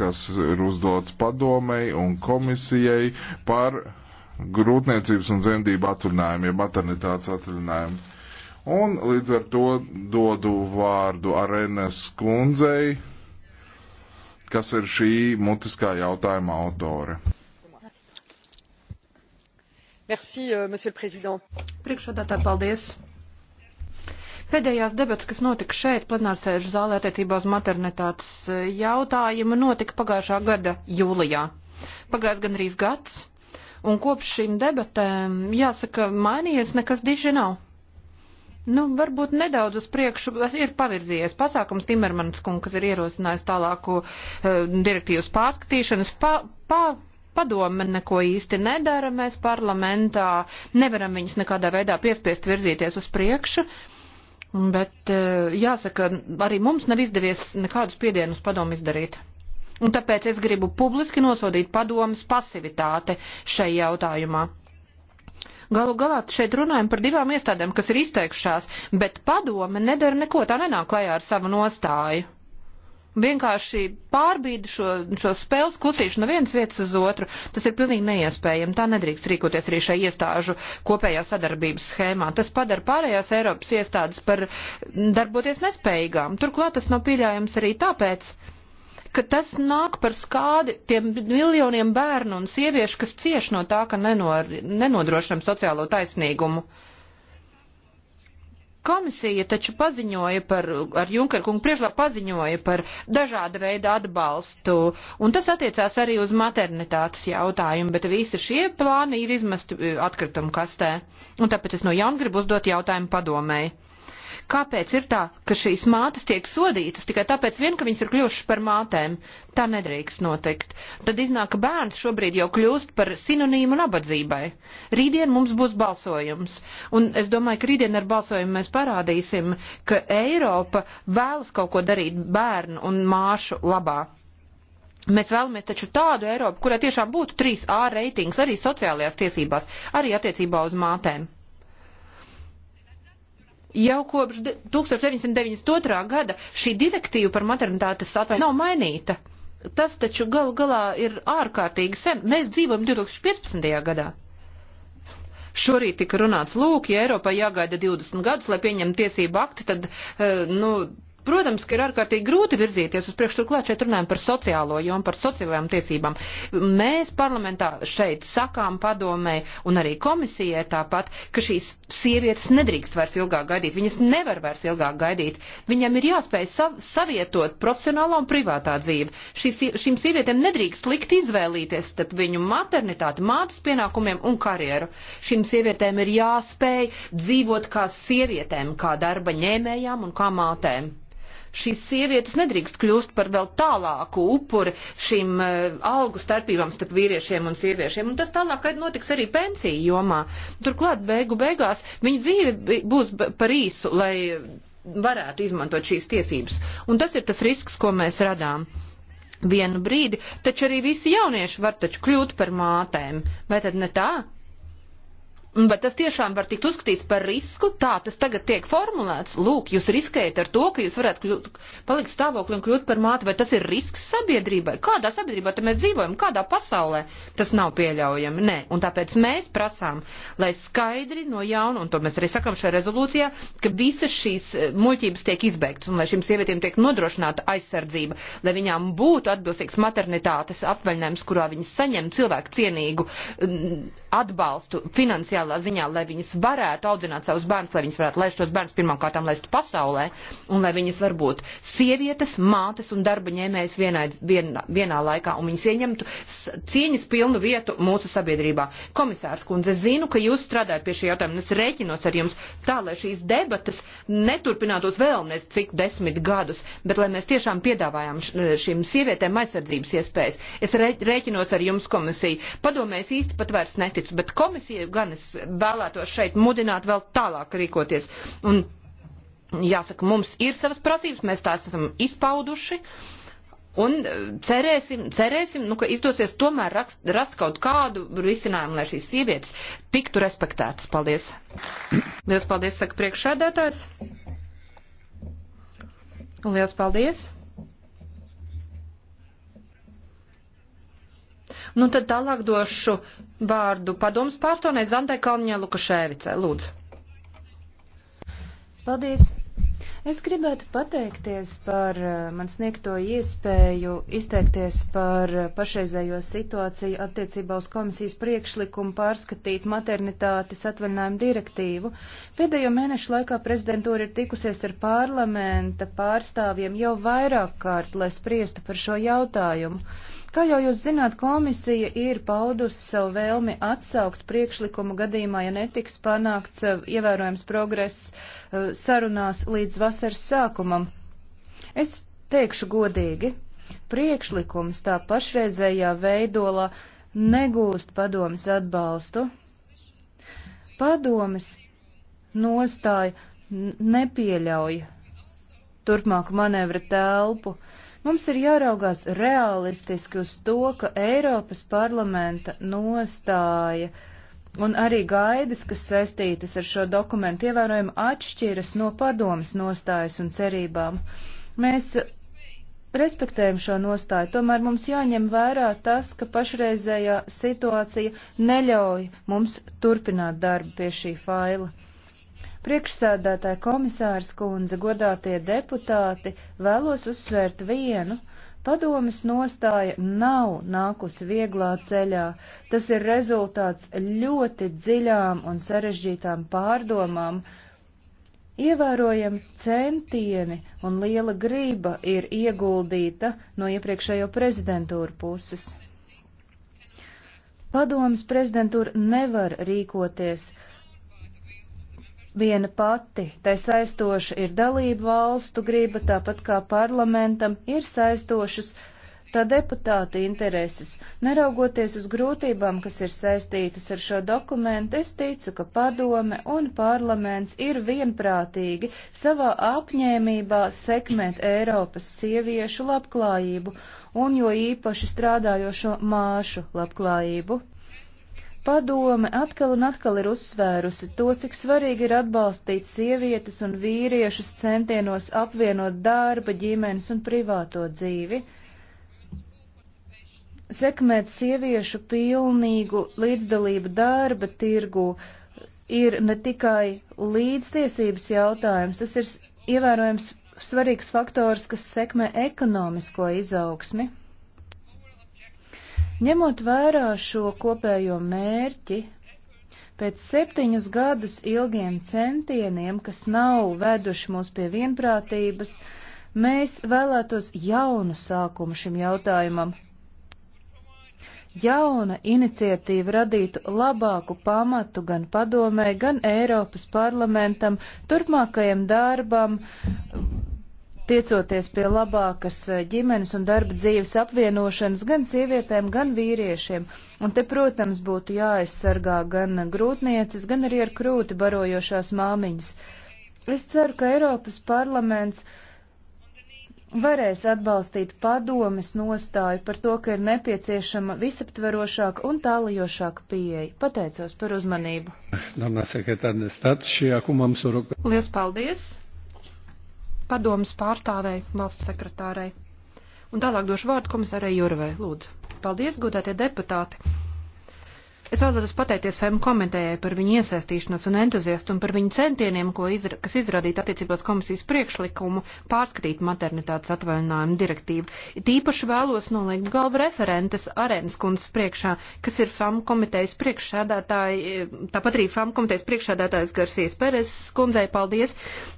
kas ir uzdots padomei un komisijai par grūtniecības un dzemdību atvaļinājumiem, maternitātes atvaļinājumu. Un līdz ar to dodu vārdu Arenas kundzei, kas ir šī mutiskā jautājuma autore. Merci, euh, monsieur le président. Priekšādā tā paldies. Pēdējās debats, kas notika šeit, plenārsēžu zālē attiecībā uz maternitātes eh, jautājumu, notika pagājušā gada jūlijā. Pagājis gan arī gads, un kopš šīm debatēm, jāsaka, mainījies nekas diži nav. Nu, varbūt nedaudz uz priekšu ir pavirzījies pasākums Timermans kungs, kas ir ierosinājis tālāko uh, direktīvas pārskatīšanas. Pa, pa, padome neko īsti nedara, mēs parlamentā nevaram viņus nekādā veidā piespiest virzīties uz priekšu. Uh, Bet e, jāsaka, arī mums nav izdevies nekādus piedienus padomu izdarīt. Un tāpēc es gribu publiski nosodīt padomas pasivitāte šai jautājumā. Galu galā šeit runājam par divām iestādēm, kas ir izteikšās, bet padome nedara neko, tā nenāk klajā ar savu nostāju vienkārši pārbīda šo, šo spēles klucīšanu no vienas vietas uz otru. Tas ir pilnīgi neiespējami. Tā nedrīkst rīkoties arī šai iestāžu kopējā sadarbības schēmā. Tas padara pārējās Eiropas iestādes par darboties nespējīgām. Turklāt tas nav pieļaujams arī tāpēc, ka tas nāk par skādi tiem miljoniem bērnu un sieviešu, kas cieš no tā, ka nenor, nenodrošinam sociālo taisnīgumu. Uh, Komisija taču paziņoja par, ar Junker kungu priekšlā paziņoja par dažāda veida atbalstu, un tas attiecās arī uz maternitātes jautājumu, bet visi šie plāni ir izmesti eh, atkritumu kastē. Un tāpēc es no jauna gribu uzdot jautājumu padomēji. Kāpēc ir tā, ka šīs mātes tiek sodītas tikai tāpēc, vien, ka viņas ir kļuvušas par mātēm? Tā nedrīkst notikt. Tad iznāk, ka bērns šobrīd jau kļūst par sinonīmu nabadzībai. Rītdien mums būs balsojums, un es domāju, ka rītdien ar balsojumu mēs parādīsim, ka Eiropa vēlas kaut ko darīt bērnu un māšu labā. Mēs vēlamies taču tādu Eiropu, kurai tiešām būtu 3A reitings arī sociālajās tiesībās, arī attiecībā uz mātēm. Jau kopš 1992. gada šī direktīva par maternitātes atvaļinājumu nav mainīta. Tas taču galu galā ir ārkārtīgi sen. Mēs dzīvojam 2015. gadā. Šorīt tika runāts, lūk, ja Eiropai jāgaida 20 gadus, lai pieņemtu tiesību akti, tad, eh, nu, Protams, ka ir ārkārtīgi grūti virzīties uz priekšu, turklāt šeit runājam par sociālo jomu, par sociālajām tiesībām. Mēs parlamentā šeit sakām padomē un arī komisijai tāpat, ka šīs sievietes nedrīkst vairs ilgāk gaidīt, viņas nevar vairs ilgāk gaidīt. Viņam ir jāspēj sav, savietot profesionālā un privātā dzīve. Šīs, šīm sievietēm nedrīkst likt izvēlīties starp viņu maternitāti, mātes pienākumiem un karjeru. Šīm sievietēm ir jāspēj dzīvot kā sievietēm, kā darba ņēmējām un kā mātēm. Šīs sievietes nedrīkst kļūst par vēl tālāku upuri šīm uh, algu starpībām starp vīriešiem un sieviešiem. Un tas tālāk notiks arī pensiju jomā. Turklāt beigu beigās viņu dzīve būs par īsu, lai varētu izmantot šīs tiesības. Un tas ir tas risks, ko mēs radām. Vienu brīdi, taču arī visi jaunieši var taču kļūt par mātēm. Vai tad ne tā? Bet tas tiešām var tikt uzskatīts par risku, tā tas tagad tiek formulēts. Lūk, jūs riskējat ar to, ka jūs varētu kļūt, palikt stāvokli un kļūt par māti, vai tas ir risks sabiedrībai? Kādā sabiedrībā te mēs dzīvojam, kādā pasaulē tas nav pieļaujami? Nē, un tāpēc mēs prasām, lai skaidri no jauna, un to mēs arī sakam šajā rezolūcijā, ka visas šīs eh, muļķības tiek izbeigts un lai šīm sievietēm tiek nodrošināta aizsardzība, lai viņām būtu atbilstīgs maternitātes apvaļinājums, kurā viņas saņem cilvēku cienīgu atbalstu finansiāli materiālā ziņā, lai viņas varētu audzināt savus bērnus, lai viņas varētu laist šos bērnus pirmām kārtām laist pasaulē, un lai viņas var būt sievietes, mātes un darba ņēmējas vienā, vienā, vienā laikā, un viņas ieņemtu cieņas pilnu vietu mūsu sabiedrībā. Komisārs kundze, zinu, ka jūs strādājat pie šī jautājuma, un es rēķinos ar jums tā, lai šīs debatas neturpinātos vēl nes cik desmit gadus, bet lai mēs tiešām piedāvājam šīm sievietēm aizsardzības iespējas. Es rēķinos ar jums komisiju. Padomēs īsti pat vairs neticu, bet komisija gan es vēlētos šeit mudināt vēl tālāk rīkoties. Un, jāsaka, mums ir savas prasības, mēs tās esam izpauduši. Un e, cerēsim, cerēsim nu, ka izdosies tomēr rakst, rast kaut kādu risinājumu, lai šīs sievietes tiktu respektētas. Paldies! Lielas paldies, saka priekšsēdētājs. Lielas paldies! Nu, tad tālāk došu vārdu padomus pārstāvnei Zandai Kalniņai Lukašēvicai. Lūdzu. Paldies. Es gribētu pateikties par uh, man sniegto iespēju izteikties par uh, pašreizējo situāciju attiecībā uz komisijas priekšlikumu pārskatīt maternitātes atvaļinājumu direktīvu. Pēdējo mēnešu laikā prezidentūra ir tikusies ar parlamenta pārstāvjiem jau vairāk kārt, lai spriestu par šo jautājumu. Kā jau jūs zināt, komisija ir paudusi savu vēlmi atsaukt priekšlikumu gadījumā, ja netiks panākts eh, ievērojams progress eh, sarunās līdz vasaras sākumam. Es teikšu godīgi, priekšlikums tā pašreizējā veidolā negūst padomas atbalstu. Padomas nostāja nepieļauj turpmāku manevra telpu. Uh, Mums ir jāraugās realistiski uz to, ka Eiropas parlamenta nostāja un arī gaidas, kas saistītas ar šo dokumentu, ievērojami atšķiras no padomas nostājas un cerībām. Mēs respektējam šo nostāju, tomēr mums jāņem vērā tas, ka pašreizējā situācija neļauj mums turpināt darbu pie šī faila. Priekšsēdētāja komisārs kundze, godātie deputāti, vēlos uzsvērt vienu. Padomis nostāja nav nākusi vieglā ceļā. Tas ir rezultāts ļoti dziļām un sarežģītām pārdomām. Ievērojami centieni un liela grība ir ieguldīta no iepriekšējo prezidentūru puses. Padomas prezidentūra nevar rīkoties viena pati, tai saistoša ir dalību valstu griba, tāpat kā parlamentam ir saistošas tā deputāta intereses. Neraugoties uz grūtībām, kas ir saistītas ar šo dokumentu, es ticu, ka padome un parlaments ir vienprātīgi savā apņēmībā sekmēt Eiropas sieviešu labklājību un jo īpaši strādājošo māšu labklājību. Padome atkal un atkal ir uzsvērusi to, cik svarīgi ir atbalstīt sievietes un vīriešus centienos apvienot darba, ģimenes un privāto dzīvi, sekmēt sieviešu pilnīgu līdzdalību darba tirgu ir ne tikai līdztiesības jautājums, tas ir ievērojams svarīgs faktors, kas sekmē ekonomisko izaugsmi. Ņemot vērā šo kopējo mērķi, pēc septiņus gadus ilgiem centieniem, kas nav veduši mūs pie vienprātības, mēs vēlētos jaunu sākumu šim jautājumam. Jauna iniciatīva radītu labāku pamatu gan padomē, gan Eiropas parlamentam, turpmākajam darbam, tiecoties pie labākas eh, ģimenes un darba dzīves apvienošanas gan sievietēm, gan vīriešiem. Un te, protams, būtu jāaizsargā gan grūtniecis, gan arī ar krūti barojošās māmiņas. Es ceru, ka Eiropas parlaments varēs atbalstīt padomes nostāju par to, ka ir nepieciešama visaptverošāka un tālajošāka pieeja. Pateicos par uzmanību. Liels paldies! padomas pārstāvei, valsts sekretārei. Un tālāk došu vārdu komisārai Jurvai. Lūdzu. Paldies, godātie deputāti! Es vēlētos pateikties FEM komitējai par viņu iesaistīšanos un entuziastu un par viņu centieniem, izra kas izrādīta attiecībos komisijas priekšlikumu pārskatīt maternitātes atvaļinājumu direktīvu. Tīpaši vēlos nolikt galvu referentes arēnas kundzes priekšā, kas ir FEM komitejas priekšsēdētāji, tāpat arī FEM komitejas priekšsēdētājs Garsies Peres kundzei paldies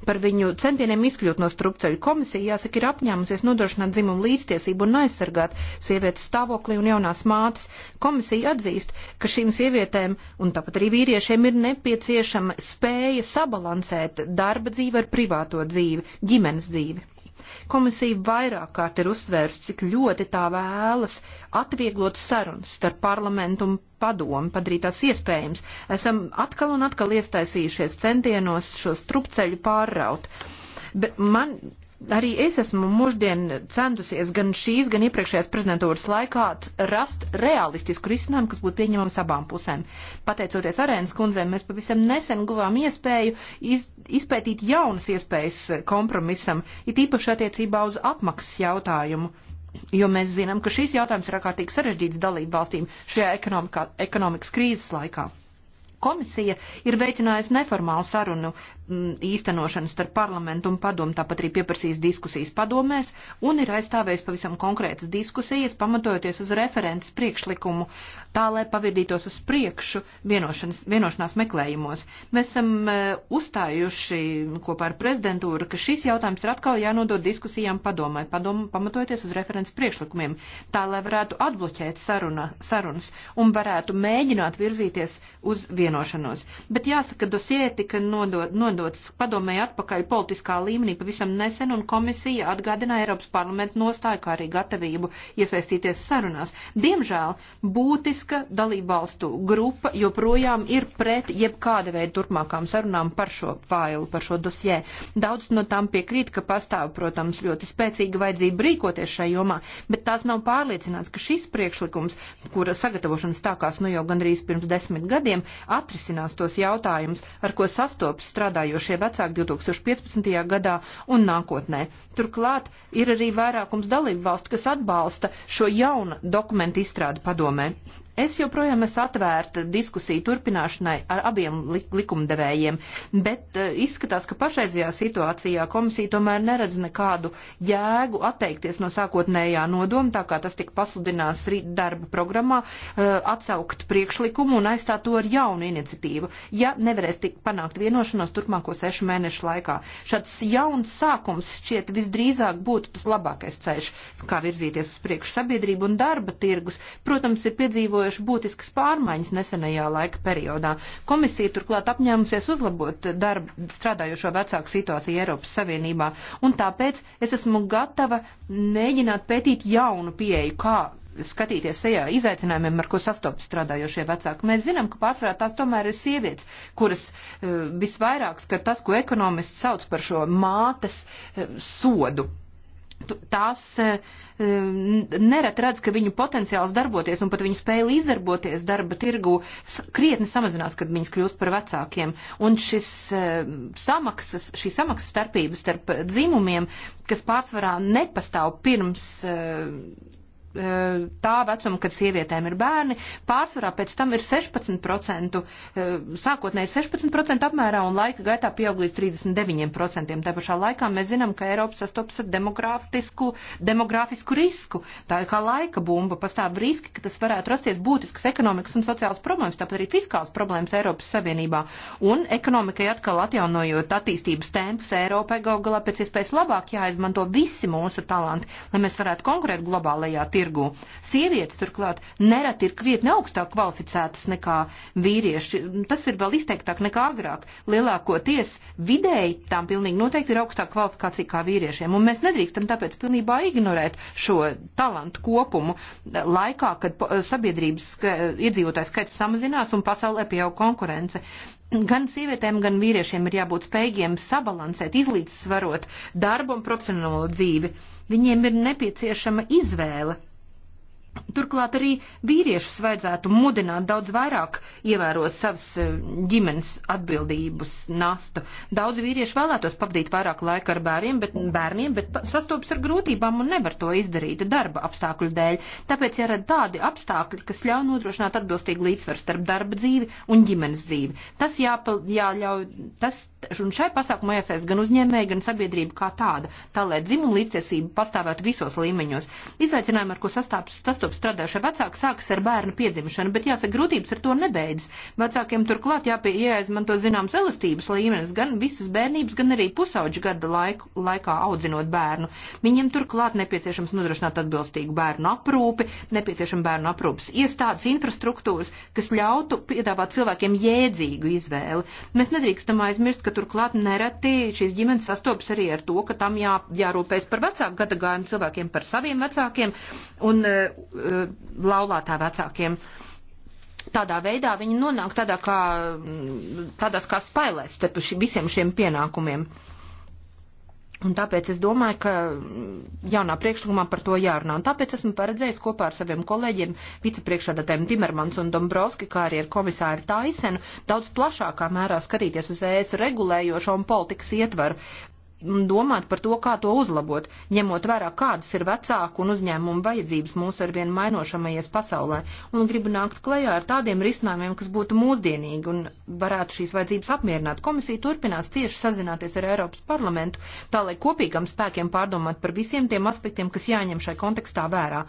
par viņu centieniem izkļūt no strupceļu komisiju. Jāsaka, ir apņēmusies nodrošināt dzimumu līdztiesību un aizsargāt sievietes stāvokli un jaunās mātes. Komisija atzīst, ka šī šīm sievietēm un tāpat arī vīriešiem ir nepieciešama spēja sabalansēt darba dzīvi ar privāto dzīvi, ģimenes dzīvi. Komisija vairāk kārt ir uzsvērsta, cik ļoti tā vēlas atvieglot sarunas starp parlamentu un padomu, padarīt tās iespējams. Esam atkal un atkal iestaisījušies centienos šo strupceļu pārraut. Bet man arī es esmu mūždien centusies gan šīs, gan iepriekšējās prezidentūras laikā rast realistisku risinājumu, kas būtu pieņemams abām pusēm. Pateicoties arēnas kundzēm, mēs pavisam nesen guvām iespēju iz, izpētīt jaunas iespējas kompromisam, it īpaši attiecībā uz apmaksas jautājumu. Jo mēs zinām, ka šīs jautājums ir ārkārtīgi sarežģīts dalību valstīm šajā ekonomikas krīzes laikā komisija ir veicinājusi neformālu sarunu mm, īstenošanu starp parlamentu un padomu, tāpat arī pieprasījis diskusijas padomēs un ir aizstāvējis pavisam konkrētas diskusijas, pamatojoties uz referents priekšlikumu, tā lai pavirītos uz priekšu vienošanās meklējumos. Mēs esam e, uzstājuši kopā ar prezidentūru, ka šis jautājums ir atkal jānodod diskusijām padomai, padomu, pamatojoties uz referents priekšlikumiem, tā lai varētu atbloķēt saruna, sarunas un varētu mēģināt virzīties uz vienošanos vienošanos. Bet jāsaka, dosie tika nodot, nodots padomēja atpakaļ politiskā līmenī pavisam nesen, un komisija atgādināja Eiropas parlamentu nostāju, kā arī gatavību iesaistīties sarunās. Diemžēl būtiska dalībvalstu grupa joprojām ir pret jebkāda veida turpmākām sarunām par šo failu, par šo dosie. Daudz no tām piekrīt, ka pastāv, protams, ļoti spēcīga vajadzība rīkoties šai jomā, bet tās nav pārliecināts, ka šis priekšlikums, kura sagatavošanas tākās nu jau gandrīz pirms desmit gadiem, atrisinās tos jautājumus, ar ko sastopas strādājošie vecāki 2015. gadā un nākotnē. Turklāt ir arī vairākums dalību valstu, kas atbalsta šo jaunu dokumentu izstrādi padomē. Es joprojām esmu atvērta diskusiju turpināšanai ar abiem likumdevējiem, bet eh, izskatās, ka pašreizajā situācijā komisija tomēr neredz nekādu jēgu atteikties no sākotnējā nodoma, tā kā tas tika pasludināts darba programmā, eh, atsaukt priekšlikumu un aizstāt to ar jaunu iniciatīvu, ja nevarēs tik panākt vienošanos turpmāko sešu mēnešu laikā. Šāds jauns sākums šķiet visdrīzāk būtu tas labākais ceļš, kā virzīties uz priekšu sabiedrību un darba tirgus. Protams, ir piedzīvot izveidojuši būtiskas pārmaiņas nesenajā laika periodā. Komisija turklāt apņēmusies uzlabot darbu strādājošo vecāku situāciju Eiropas Savienībā, un tāpēc es esmu gatava mēģināt pētīt jaunu pieeju, kā skatīties tajā izaicinājumiem, ar ko sastopas strādājošie vecāki. Mēs zinām, ka pārsvarā tās tomēr ir sievietes, kuras eh, visvairāk skar tas, ko ekonomists sauc par šo mātes eh, sodu tās e, e, neret redz, ka viņu potenciāls darboties un pat viņu spēja izdarboties darba tirgu krietni samazinās, kad viņas kļūst par vecākiem. Un šis e, samaksas, šī samaksas starpības starp dzimumiem, kas pārsvarā nepastāv pirms Eh, tā vecuma, kad sievietēm ir bērni, pārsvarā pēc tam ir 16%, eh, sākotnēji 16% apmērā un laika gaitā pieaug līdz 39%. Tā pašā laikā mēs zinām, ka Eiropa sastopas ar demogrāfisku, demogrāfisku risku. Tā ir kā laika bumba, pastāv riski, ka tas varētu rasties būtiskas ekonomikas un sociālas problēmas, tāpat arī fiskāls problēmas Eiropas Savienībā. Un ekonomikai atkal atjaunojot attīstības tempus Eiropai gal galā pēc iespējas labāk jāizmanto visi mūsu talanti, lai mēs varētu konkurēt globālajā tirgu tirgu. Sievietes turklāt nereti ir krietni augstāk kvalificētas nekā vīrieši. Tas ir vēl izteiktāk nekā agrāk. Lielākoties vidēji tām pilnīgi noteikti ir augstāka kvalifikācija kā vīriešiem. Un mēs nedrīkstam tāpēc pilnībā ignorēt šo talantu kopumu laikā, kad sabiedrības iedzīvotājs skaits samazinās un pasaulē pieaug konkurence gan sievietēm, gan vīriešiem ir jābūt spējīgiem sabalansēt, izlīdzsvarot darbu un profesionālo dzīvi. Viņiem ir nepieciešama izvēle Turklāt arī vīriešus vajadzētu mudināt daudz vairāk ievērot savas eh, ģimenes atbildības nastu. Daudz vīriešu vēlētos pavadīt vairāk laika ar bērniem, bet, bērniem, bet sastopas ar grūtībām un nevar to izdarīt darba apstākļu dēļ. Tāpēc jārada tādi apstākļi, kas ļauj nodrošināt atbilstīgu līdzsvaru starp darba dzīvi un ģimenes dzīvi. Tas jāpal, jāļauj, tas, un šai pasākumā jāsaist gan uzņēmēji, gan sabiedrība kā tāda, tā lai dzimuma līdztiesība pastāvētu visos līmeņos. Izaicinājumi, ar ko sastāps, tas sastopas strādājušie vecāki, sākas ar bērnu piedzimšanu, bet jāsaka, grūtības ar to nebeidz. Vecākiem turklāt jāpie, jāizmanto zināms elastības līmenis gan visas bērnības, gan arī pusauģa gada laiku, laikā audzinot bērnu. Viņiem turklāt nepieciešams nodrošināt atbilstīgu bērnu aprūpi, nepieciešama bērnu aprūpas iestādes, infrastruktūras, kas ļautu piedāvāt cilvēkiem jēdzīgu izvēli. Mēs nedrīkstam aizmirst, ka turklāt nereti šīs ģimenes sastopas arī ar to, ka tam jā, jārūpēs par vecāku gadagājumu cilvēkiem, par saviem vecākiem. Un, e, Eh, laulātā vecākiem. Tādā veidā viņi nonāk tādā kā, tādās kā spailēs starp ši, visiem šiem pienākumiem. Un tāpēc es domāju, ka jaunā priekšlikumā par to jārunā. Un tāpēc esmu paredzējis kopā ar saviem kolēģiem, vicepriekšādātājiem Timermans un Dombrovski, kā arī ar komisāru Taisenu, daudz plašākā mērā skatīties uz ES regulējošo un politikas ietvaru, domāt par to, kā to uzlabot, ņemot vērā, kādas ir vecāku un uzņēmumu vajadzības mūsu arvien mainošamajies pasaulē, un gribu nākt klajā ar tādiem risinājumiem, kas būtu mūsdienīgi un varētu šīs vajadzības apmierināt. Komisija turpinās cieši sazināties ar Eiropas parlamentu, tā lai kopīgam spēkiem pārdomāt par visiem tiem aspektiem, kas jāņem šai kontekstā vērā.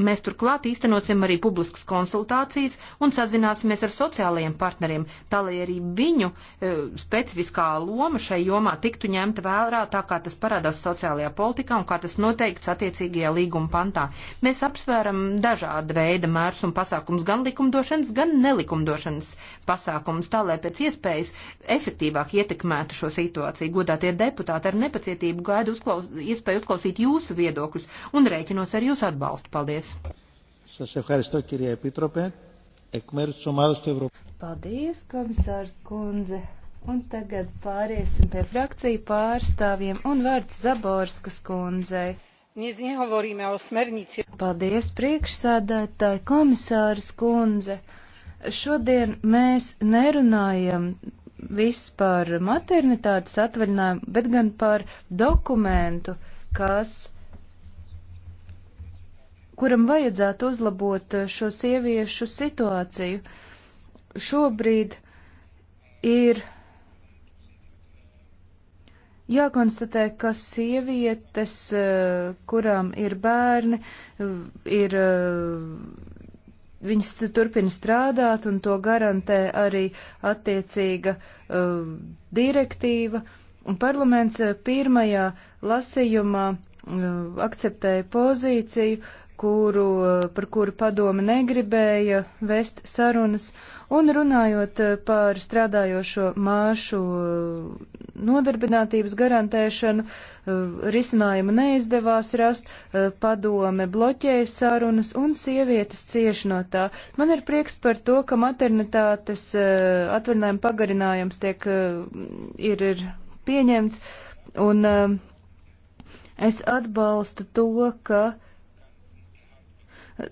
Mēs turklāt īstenosim arī publiskas konsultācijas un sazināsimies ar sociālajiem partneriem, tā lai arī viņu e, specifiskā loma šai jomā tiktu ņemta vērā, tā kā tas parādās sociālajā politikā un kā tas noteikts attiecīgajā līguma pantā. Mēs apsvēram dažāda veida mērs un pasākums, gan likumdošanas, gan nelikumdošanas pasākums, tā lai pēc iespējas efektīvāk ietekmētu šo situāciju. Godātie deputāti ar nepacietību gaida uzklaus, iespēju uzklausīt jūsu viedokļus un rēķinos ar jūsu atbalstu. Paldies! Paldies! Paldies, komisārs kundze! Un tagad pāriesim pie frakciju pārstāvjiem un vārds Zaborskas kundzei. Paldies, priekšsādātāji, komisārs kundze! Šodien mēs nerunājam viss par maternitātes atvaļinājumu, bet gan par dokumentu, kas kuram vajadzētu uzlabot eh, šo sieviešu situāciju. Šobrīd ir jākonstatē, ka sievietes, eh, kurām ir bērni, ir, eh, viņas turpina strādāt un to garantē arī attiecīga direktīva. Un parlaments pirmajā lasījumā akceptēja pozīciju, kuru, par kuru padome negribēja vest sarunas, un runājot par strādājošo māšu nodarbinātības garantēšanu, risinājumu neizdevās rast, padome bloķēja sarunas, un sievietes cieš no tā. Man ir prieks par to, ka maternitātes eh, atvaļinājuma pagarinājums tiek, eh, ir, ir pieņemts, un eh, es atbalstu to, ka uh,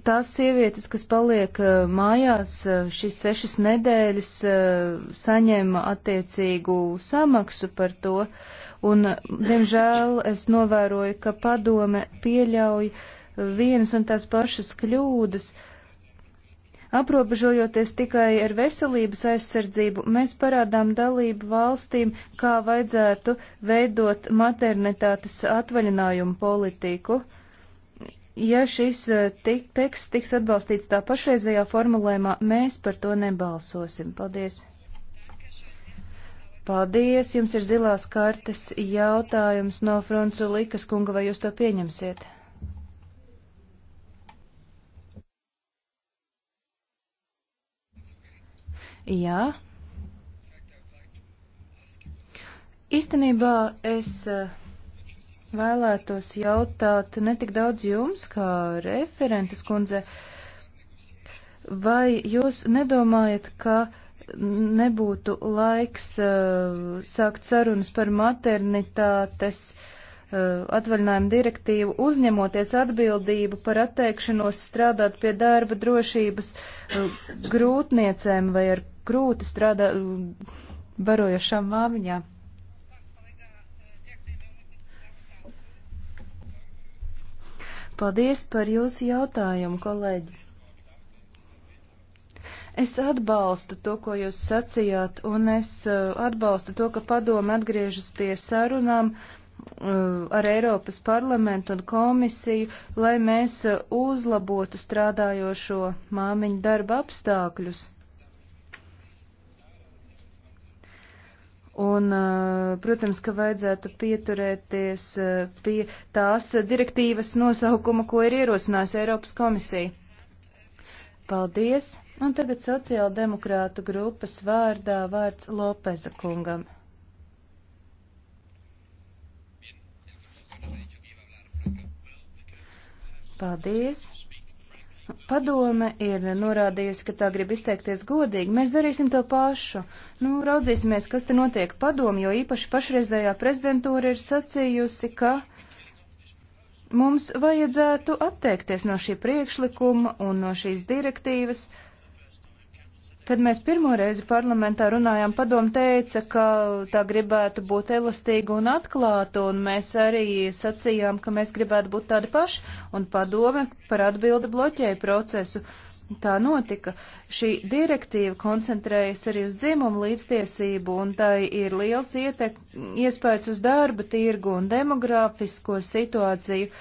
Tās sievietes, kas paliek eh, mājās eh, šīs sešas nedēļas, eh, saņem attiecīgu samaksu par to, un, diemžēl, es novēroju, ka padome pieļauj vienas un tās pašas kļūdas. Aprobežojoties tikai ar veselības aizsardzību, mēs parādām dalību valstīm, kā vajadzētu veidot maternitātes atvaļinājumu politiku. Ja šis eh, tik, teksts tiks atbalstīts tā pašreizajā formulējumā, mēs par to nebalsosim. Paldies! Paldies! Jums ir zilās kartes jautājums no Froncu Likas kunga, vai jūs to pieņemsiet? Jā. Īstenībā es. Uh, vēlētos jautāt ne tik daudz jums, kā referentes kundze, vai jūs nedomājat, ka nebūtu laiks uh, sākt sarunas par maternitātes uh, atvaļinājumu direktīvu, uzņemoties atbildību par atteikšanos strādāt pie darba drošības uh, grūtniecēm vai ar krūti strādā barojošām māmiņām? Paldies par jūsu jautājumu, kolēģi. Es atbalstu to, ko jūs sacījāt, un es uh, atbalstu to, ka padome atgriežas pie sarunām uh, ar Eiropas parlamentu un komisiju, lai mēs uh, uzlabotu strādājošo māmiņu darba apstākļus. Un, protams, ka vajadzētu pieturēties pie tās direktīvas nosaukuma, ko ir ierosinājusi Eiropas komisija. Paldies! Un tagad sociāldemokrātu grupas vārdā vārds Lopeza kungam. Paldies! Padome ir norādījusi, ka tā grib izteikties godīgi. Mēs darīsim to pašu. Nu, raudzīsimies, kas te notiek padomu, jo īpaši pašreizējā prezidentūra ir sacījusi, ka mums vajadzētu atteikties no šī priekšlikuma un no šīs direktīvas. Uh, Kad mēs pirmo reizi parlamentā runājām, padomu teica, ka tā gribētu būt elastīga un atklāta, un mēs arī sacījām, ka mēs gribētu būt tādi paši, un padome par atbildi bloķēja procesu. Tā notika. Šī direktīva koncentrējas arī uz dzimumu līdztiesību, un tai ir liels ietek, iespējas uz darba tirgu un demografisko situāciju,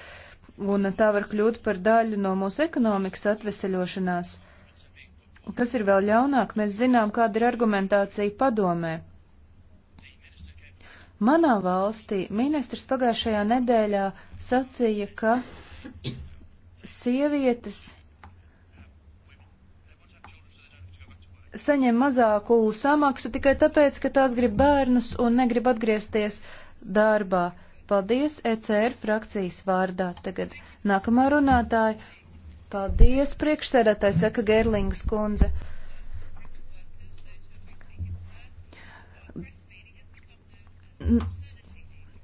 un tā var kļūt par daļu no mūsu ekonomikas atveseļošanās. Un kas ir vēl ļaunāk, mēs zinām, kāda ir argumentācija padomē. Manā valstī ministrs pagājušajā nedēļā sacīja, ka sievietes saņem mazāku samaksu tikai tāpēc, ka tās grib bērnus un negrib atgriezties darbā. Paldies ECR frakcijas vārdā. Tagad nākamā runātāja Paldies, priekšsēdētāji, saka Gerlings kundze.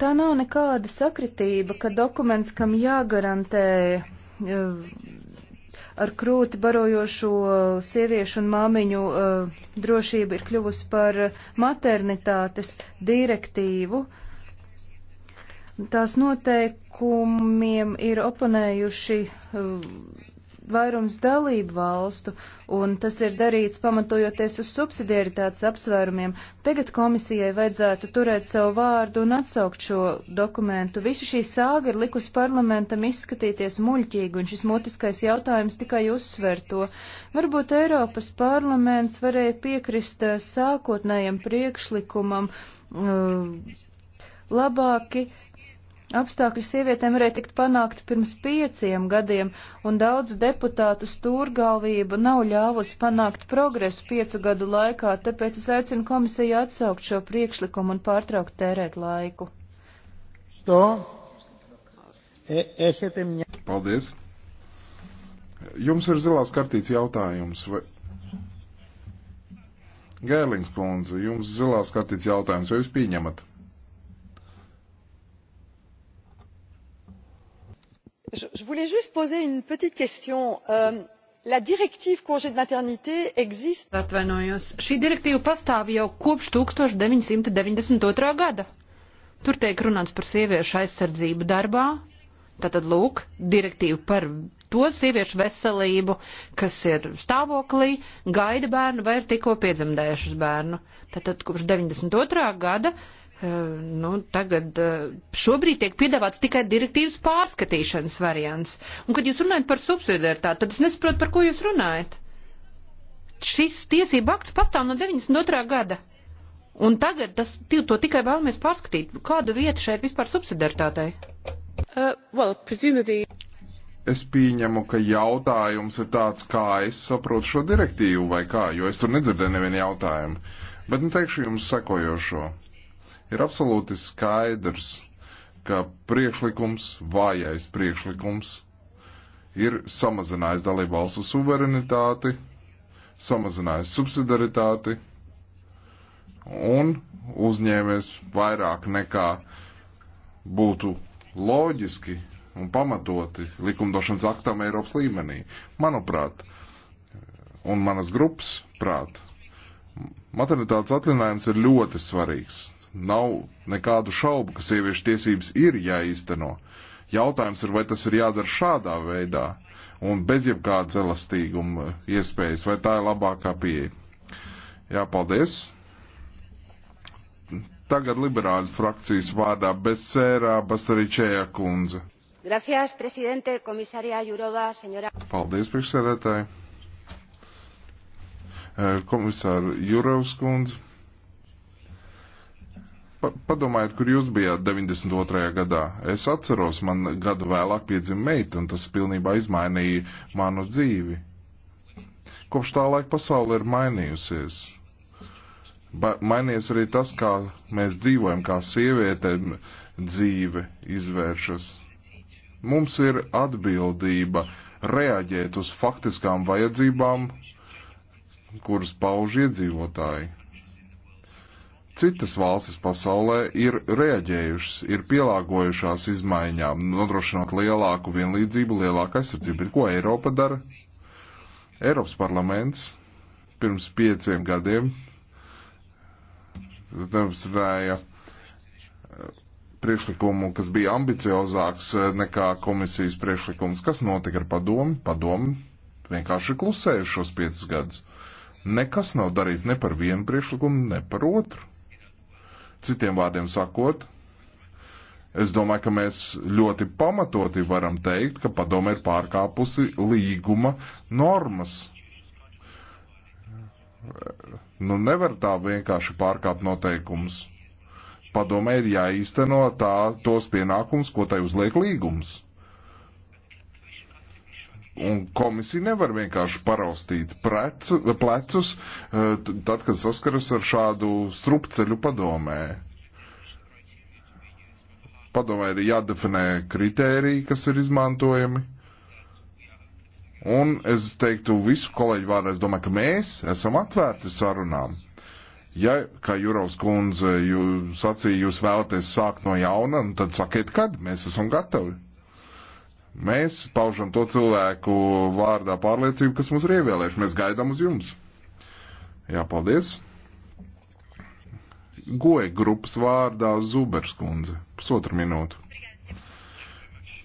Tā nav nekāda sakritība, ka dokuments, kam jāgarantē eh, ar krūti barojošo sieviešu un māmiņu eh, drošība ir kļuvusi par maternitātes direktīvu. Tās noteikumiem ir oponējuši eh, vairums dalību valstu, un tas ir darīts pamatojoties uz subsidiaritātes apsvērumiem. Tagad komisijai vajadzētu turēt savu vārdu un atsaukt šo dokumentu. Visa šī sāga ir likus parlamentam izskatīties muļķīgi, un šis mutiskais jautājums tikai uzsver to. Varbūt Eiropas parlaments varēja piekrist eh, sākotnējam priekšlikumam. Uh, labāki Apstākļi sievietēm varēja tikt panākti pirms pieciem gadiem, un daudz deputātu stūrgalvība nav ļāvusi panākt progresu piecu gadu laikā, tāpēc es aicinu komisiju atsaukt šo priekšlikumu un pārtraukt tērēt laiku. To. E, Paldies. Jums ir zilās kartītes jautājums. Vai... Gērlings kundze, jums zilās kartītes jautājums, vai jūs pieņemat? je voulais juste poser une petite question. Euh, la direktīva congé de maternité existe. Atvainojos. Šī direktīva pastāv jau kopš 1992. gada. Tur tiek runāts par sieviešu aizsardzību darbā. Tātad, lūk, direktīva par to sieviešu veselību, kas ir stāvoklī, gaida bērnu vai ir tikko piedzemdējušas bērnu. Tātad, kopš 92. gada Eh, nu, tagad eh, šobrīd tiek piedāvāts tikai direktīvas pārskatīšanas variants. Un, kad jūs runājat par subsidiaritāti, tad es nesaprotu, par ko jūs runājat. Šis tiesība akts pastāv no 92. gada. Un tagad tas, to tikai vēlamies pārskatīt. Kādu vietu šeit vispār subsidiaritātei? Uh, well, presumably... Es pieņemu, ka jautājums ir tāds, kā es saprotu šo direktīvu vai kā, jo es tur nedzirdēju nevienu jautājumu. Bet nu teikšu jums sekojošo Ir absolūti skaidrs, ka priekšlikums, vājais priekšlikums, ir samazinājis dalību valstu suverenitāti, samazinājis subsidaritāti un uzņēmies vairāk nekā būtu loģiski un pamatoti likumdošanas aktam Eiropas līmenī. Manuprāt, un manas grupas prāt, maternitātes atlinājums ir ļoti svarīgs. Nav nekādu šaubu, ka sieviešu tiesības ir jāīsteno. Jautājums ir, vai tas ir jādara šādā veidā un bez jebkādas elastīguma iespējas, vai tā ir labākā pieeja. Jā, paldies. Tagad liberāļu frakcijas vārdā Besērā Bastaričējā kundze. Gracias, presidente, komisārija Jurova, senora. Paldies, priekšsēdētāji. Eh, komisāra Jurovs kundze pa, padomājiet, kur jūs bijāt 92. gadā. Es atceros, man gadu vēlāk piedzima meita, un tas pilnībā izmainīja manu dzīvi. Kopš tā laika pasaule ir mainījusies. Ba mainījies arī tas, kā mēs dzīvojam, kā sievietēm dzīve izvēršas. Mums ir atbildība reaģēt uz faktiskām vajadzībām, kuras pauž iedzīvotāji citas valstis pasaulē ir reaģējušas, ir pielāgojušās izmaiņām, nodrošinot lielāku vienlīdzību, lielāku aizsardzību. Ir ko Eiropa dara? Eiropas parlaments pirms pieciem gadiem demonstrēja eh, priekšlikumu, kas bija ambiciozāks eh, nekā komisijas priekšlikums. Kas notika ar padomu? Padomu vienkārši klusējušos piecus gadus. Nekas nav darīts ne par vienu priekšlikumu, ne par otru. Citiem vārdiem sakot, es domāju, ka mēs ļoti pamatoti varam teikt, ka padome ir pārkāpusi līguma normas. Nu, nevar tā vienkārši pārkāpt noteikumus. Padomē ir jāīsteno tā, tos pienākums, ko tai uzliek līgums. Un komisija nevar vienkārši paraustīt precu, plecus, e, tad, kad saskaras ar šādu strupceļu padomē. Padomē ir jādefinē kritēriji, kas ir izmantojami. Un es teiktu visu kolēģu vārdā, es domāju, ka mēs esam atvērti sarunām. Ja, kā Jurovs kundze, jūs sacīja, jūs vēlaties sākt no jauna, nu tad sakiet, kad mēs esam gatavi. Mēs paužam to cilvēku vārdā pārliecību, kas mums ir ievēlējuši. Mēs gaidām uz jums. Jā, paldies. Goja grupas vārdā Zubers kundze. Pusotru minūtu.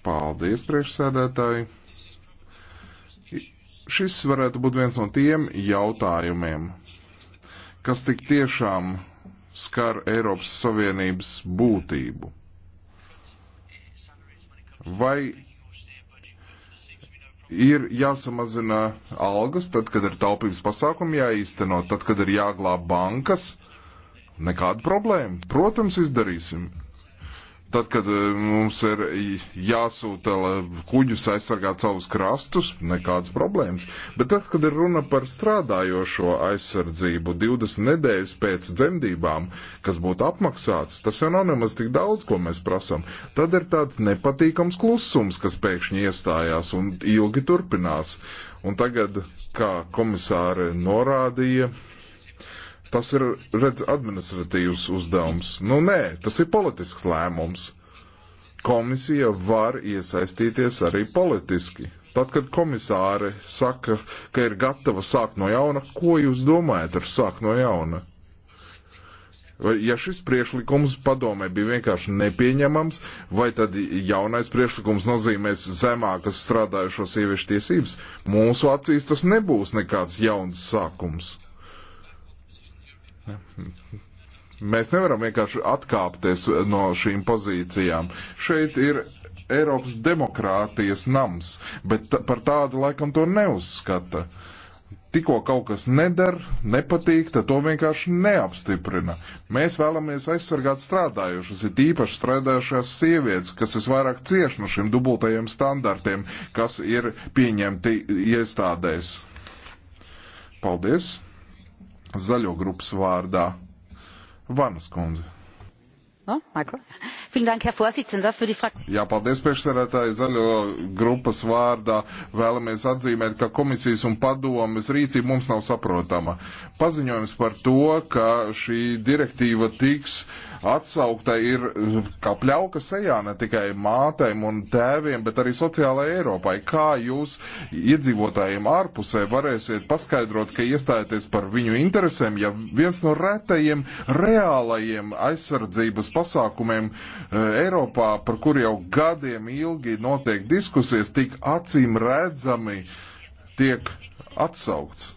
Paldies, priekšsēdētāji. Šis varētu būt viens no tiem jautājumiem, kas tik tiešām skar Eiropas Savienības būtību. Vai ir jāsamazina algas, tad, kad ir taupības pasākumi jāīsteno, tad, kad ir jāglāb bankas. Nekāda problēma. Protams, izdarīsim. Tad, kad e, mums ir jāsūta kuģus aizsargāt savus krastus, nekādas problēmas. Bet tad, kad ir runa par strādājošo aizsardzību 20 nedēļas pēc dzemdībām, kas būtu apmaksāts, tas jau nav nemaz tik daudz, ko mēs prasam. Tad ir tāds nepatīkams klusums, kas pēkšņi iestājās un ilgi turpinās. Un tagad, kā komisāre norādīja, Tas ir, redz, administratīvs uzdevums. Nu nē, tas ir politisks lēmums. Komisija var iesaistīties arī politiski. Tad, kad komisāri saka, ka ir gatava sākt no jauna, ko jūs domājat ar sākt no jauna? Vai, ja šis priekšlikums padomē bija vienkārši nepieņemams, vai tad jaunais priekšlikums nozīmēs zemākas strādājušo sieviešu tiesības? Mūsu acīs tas nebūs nekāds jauns sākums. Mēs nevaram vienkārši atkāpties no šīm pozīcijām. Šeit ir Eiropas demokrātijas nams, bet par tādu laikam to neuzskata. Tikko kaut kas neder, nepatīk, tad to vienkārši neapstiprina. Mēs vēlamies aizsargāt strādājušas, ir īpaši strādājušās sievietes, kas visvairāk cieš no šiem dubultajiem standartiem, kas ir pieņemti iestādēs. Paldies! zaļo grupas vārdā Vanas kundze. No, Dank, Herr Vorsitzender, für die Jā, paldies priekšsarētāji zaļo grupas vārdā. Vēlamies atzīmēt, ka komisijas un padomas rīcība mums nav saprotama. Paziņojums par to, ka šī direktīva tiks atsaukta ir kā pļauka sejā ne tikai mātēm un tēviem, bet arī sociālajai Eiropai. Kā jūs iedzīvotājiem ārpusē varēsiet paskaidrot, ka iestājaties par viņu interesēm, ja viens no retajiem reālajiem aizsardzības pasākumiem eh, Eiropā, par kur jau gadiem ilgi notiek diskusijas, tik acīm redzami tiek atsaukts.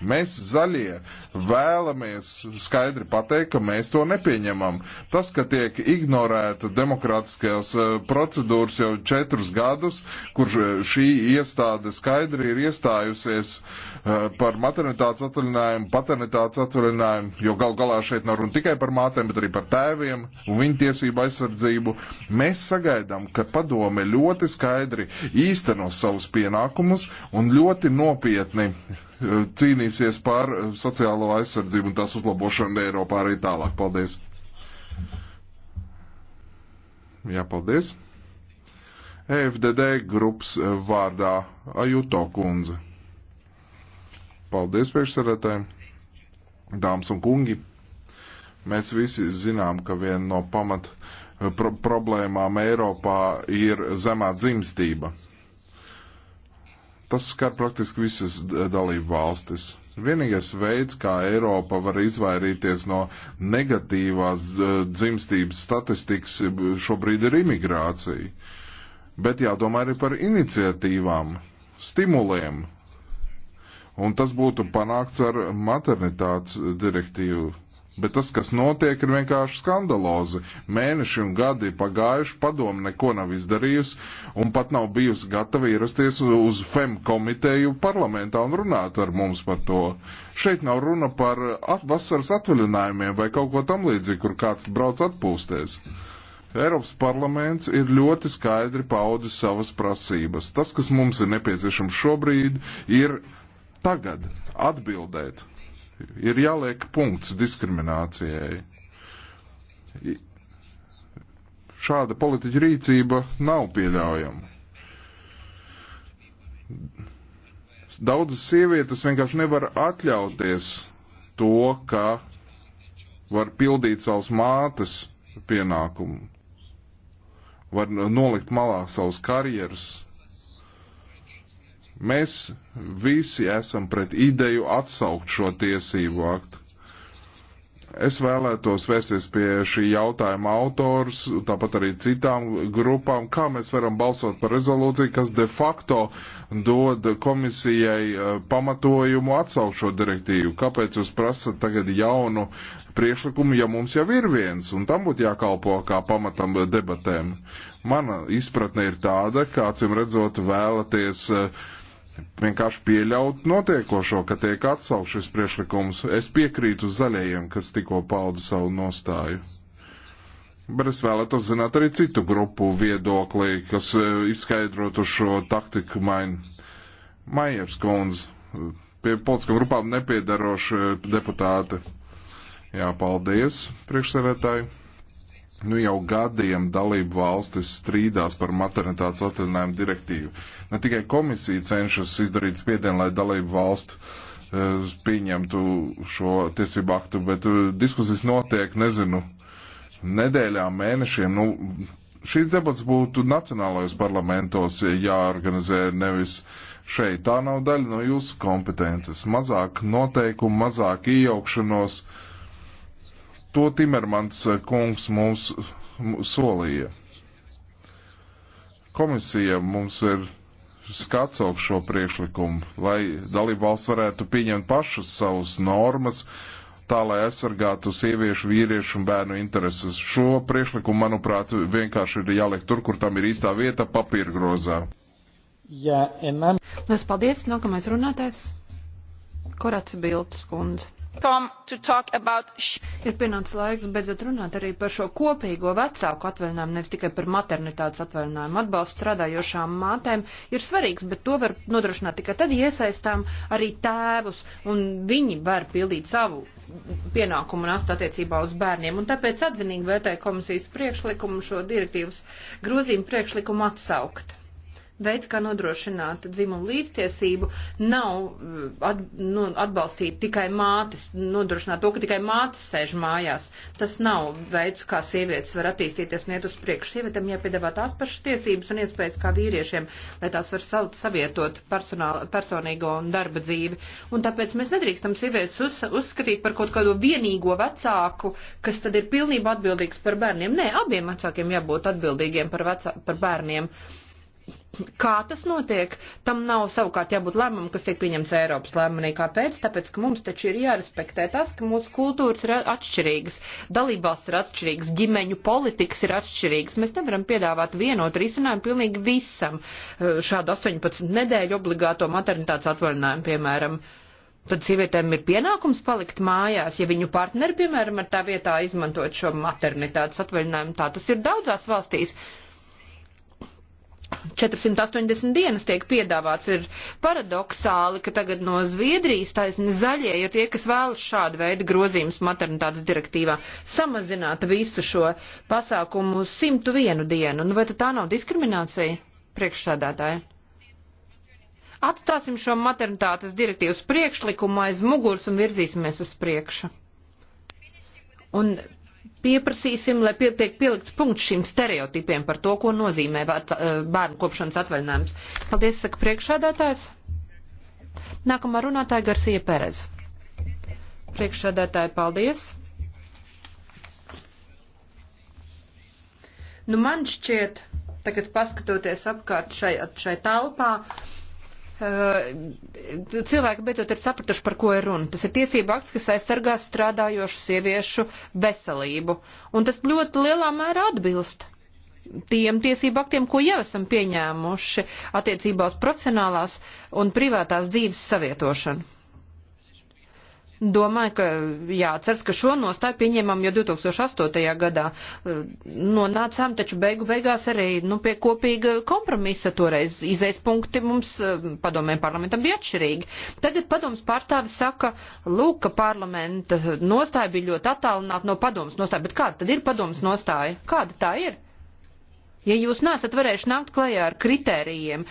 Mēs zaļie vēlamies skaidri pateikt, ka mēs to nepieņemam. Tas, ka tiek ignorēta demokrātiskajās eh, procedūras jau četrus gadus, kur eh, šī iestāde skaidri ir iestājusies eh, par maternitātes atvaļinājumu, paternitātes atvaļinājumu, jo gal galā šeit nav runa tikai par mātēm, bet arī par tēviem un viņu tiesību aizsardzību, mēs sagaidām, ka padome ļoti skaidri īstenos savus pienākumus un ļoti nopietni cīnīsies par sociālo aizsardzību un tās uzlabošanu Eiropā arī tālāk. Paldies! Jā, paldies! EFDD grupas vārdā Ajuto kundze. Paldies priekšsarētājiem, dāmas un kungi. Mēs visi zinām, ka viena no pamat pro problēmām Eiropā ir zemā dzimstība. Tas skar praktiski visas dalību valstis. Vienīgais veids, kā Eiropa var izvairīties no negatīvās dzimstības statistikas, šobrīd ir imigrācija. Bet jādomā arī par iniciatīvām, stimuliem. Un tas būtu panākts ar maternitātes direktīvu Bet tas, kas notiek, ir vienkārši skandalozi. Mēneši un gadi pagājuši, padomu neko nav izdarījusi un pat nav bijusi gatava ierasties uz FEM komiteju parlamentā un runāt ar mums par to. Šeit nav runa par at vasaras atvaļinājumiem vai kaut ko tam līdzīgi, kur kāds brauc atpūsties. Eiropas parlaments ir ļoti skaidri paudis savas prasības. Tas, kas mums ir nepieciešams šobrīd, ir tagad atbildēt Ir jāliek punkts diskriminācijai. Šāda politiķa rīcība nav pieļaujama. Daudzas sievietes vienkārši nevar atļauties to, ka var pildīt savas mātes pienākumu, var nolikt malā savas karjeras Mēs visi esam pret ideju atsaukt šo tiesību aktu. Es vēlētos vērsties pie šī jautājuma autors, tāpat arī citām grupām, kā mēs varam balsot par rezolūciju, kas de facto dod komisijai eh, pamatojumu atsaukt šo direktīvu. Kāpēc jūs prasat tagad jaunu priekšlikumu, ja mums jau ir viens, un tam būtu jākalpo kā pamatam debatēm? Mana izpratne ir tāda, kā acim redzot vēlaties uh, vienkārši pieļaut notiekošo, ka tiek atsaukt šis priešlikums. Es piekrītu zaļajiem, kas tikko pauda savu nostāju. Bet es vēlētos zināt arī citu grupu viedoklī, kas e, izskaidrotu šo taktiku mainu. Maiers kundze, pie politiskām grupām nepiedaroša deputāte. Jā, paldies, priekšsēdētāji. Nu jau gadiem dalību valstis strīdās par maternitātes atvaļinājumu direktīvu. Ne tikai komisija cenšas izdarīt spiedienu, lai dalību valstu e, pieņemtu šo tiesību aktu, bet e, diskusijas notiek, nezinu, nedēļām, mēnešiem. Nu, šīs debats būtu nacionālajos parlamentos jāorganizē nevis šeit. Tā nav daļa no jūsu kompetences. Mazāk noteikumu, mazāk iejaukšanos. Uh, To Timermans eh, kungs mums solīja. Komisija mums ir skatsauk šo priekšlikumu, lai dalību valsts varētu pieņemt pašas savas normas, tā lai aizsargātu sieviešu, vīriešu un bērnu intereses. Šo priekšlikumu, manuprāt, vienkārši ir jāliek tur, kur tam ir īstā vieta papīra grozā. Jā, ja, enam. Lies paldies, nākamais runātājs. Korats Bildes kundze. Ir pienācis laiks beidzot runāt arī par šo kopīgo vecāku atvaļinājumu, nevis tikai par maternitātes atvaļinājumu. Atbalsts strādājošām mātēm ir svarīgs, bet to var nodrošināt tikai tad, ja iesaistām arī tēvus, un viņi var pildīt savu pienākumu un astu attiecībā uz bērniem. Un tāpēc atzinīgi vērtēja komisijas priekšlikumu šo direktīvas grozījumu priekšlikumu atsaukt veids, kā nodrošināt dzimumu līdztiesību, nav eh, at, nu, atbalstīt tikai mātes, nodrošināt to, ka tikai mātes sēž mājās. Tas nav veids, kā sievietes var attīstīties un iet uz priekšu. Sievietēm jāpiedāvā tās pašas tiesības un iespējas kā vīriešiem, lai tās var savietot personīgo un darba dzīvi. Un tāpēc mēs nedrīkstam sievietes uz, uzskatīt par kaut kādu vienīgo vecāku, kas tad ir pilnībā atbildīgs par bērniem. Nē, abiem vecākiem jābūt atbildīgiem par, vecā, par bērniem. Kā tas notiek? Tam nav savukārt jābūt lēmumam, kas tiek pieņemts Eiropas līmenī. Kāpēc? Tāpēc, ka mums taču ir jārespektē tas, ka mūsu kultūras ir atšķirīgas, dalībās ir atšķirīgas, ģimeņu politikas ir atšķirīgas. Mēs nevaram piedāvāt vienotu risinājumu pilnīgi visam eh, šādu 18 nedēļu obligāto maternitātes atvaļinājumu, piemēram. Tad sievietēm ir pienākums palikt mājās, ja viņu partneri, piemēram, ar tā vietā izmantot šo maternitātes atvaļinājumu. Tā tas ir daudzās valstīs. 480 dienas tiek piedāvāts. Ir paradoxāli, ka tagad no Zviedrijas taisni zaļie ir tie, kas vēlas šādu veidu grozījumus maternitātes direktīvā samazināt visu šo pasākumu 101 dienu. Nu, vai tā nav diskriminācija priekšsādātāja? Atstāsim šo maternitātes direktīvas priekšlikumu aiz muguras un virzīsimies uz priekšu. Un pieprasīsim, lai pie, tiek pielikts punkts šim stereotipiem par to, ko nozīmē eh, bērnu kopšanas atvaļinājums. Paldies, saka priekšādātājs. Nākamā runātāja Garcija Perez. Priekšādātāja, paldies. Nu, man šķiet, tagad paskatoties apkārt šai, šai talpā, uh, Uh, cilvēki beidzot ir sapratuši, par ko ir runa. Tas ir tiesība akts, kas aizsargās strādājošu sieviešu veselību. Un tas ļoti lielā mērā atbilst tiem tiesību aktiem, ko jau esam pieņēmuši attiecībā uz profesionālās un privātās dzīves savietošanu. Domāju, ka jāatceras, ka šo nostāju pieņēmām jau 2008. gadā. E, nonācām taču beigu beigās arī nu, pie kopīga kompromisa. Toreiz izējas punkti mums e, padomēm parlamentam bija atšķirīgi. Tagad padoms pārstāvis saka, lūk, ka parlamenta nostāja bija ļoti attālināta no padomas nostāja. Bet kāda tad ir padomas nostāja? Kāda tā ir? Ja jūs nesat varējuši nākt klajā ar kritērijiem,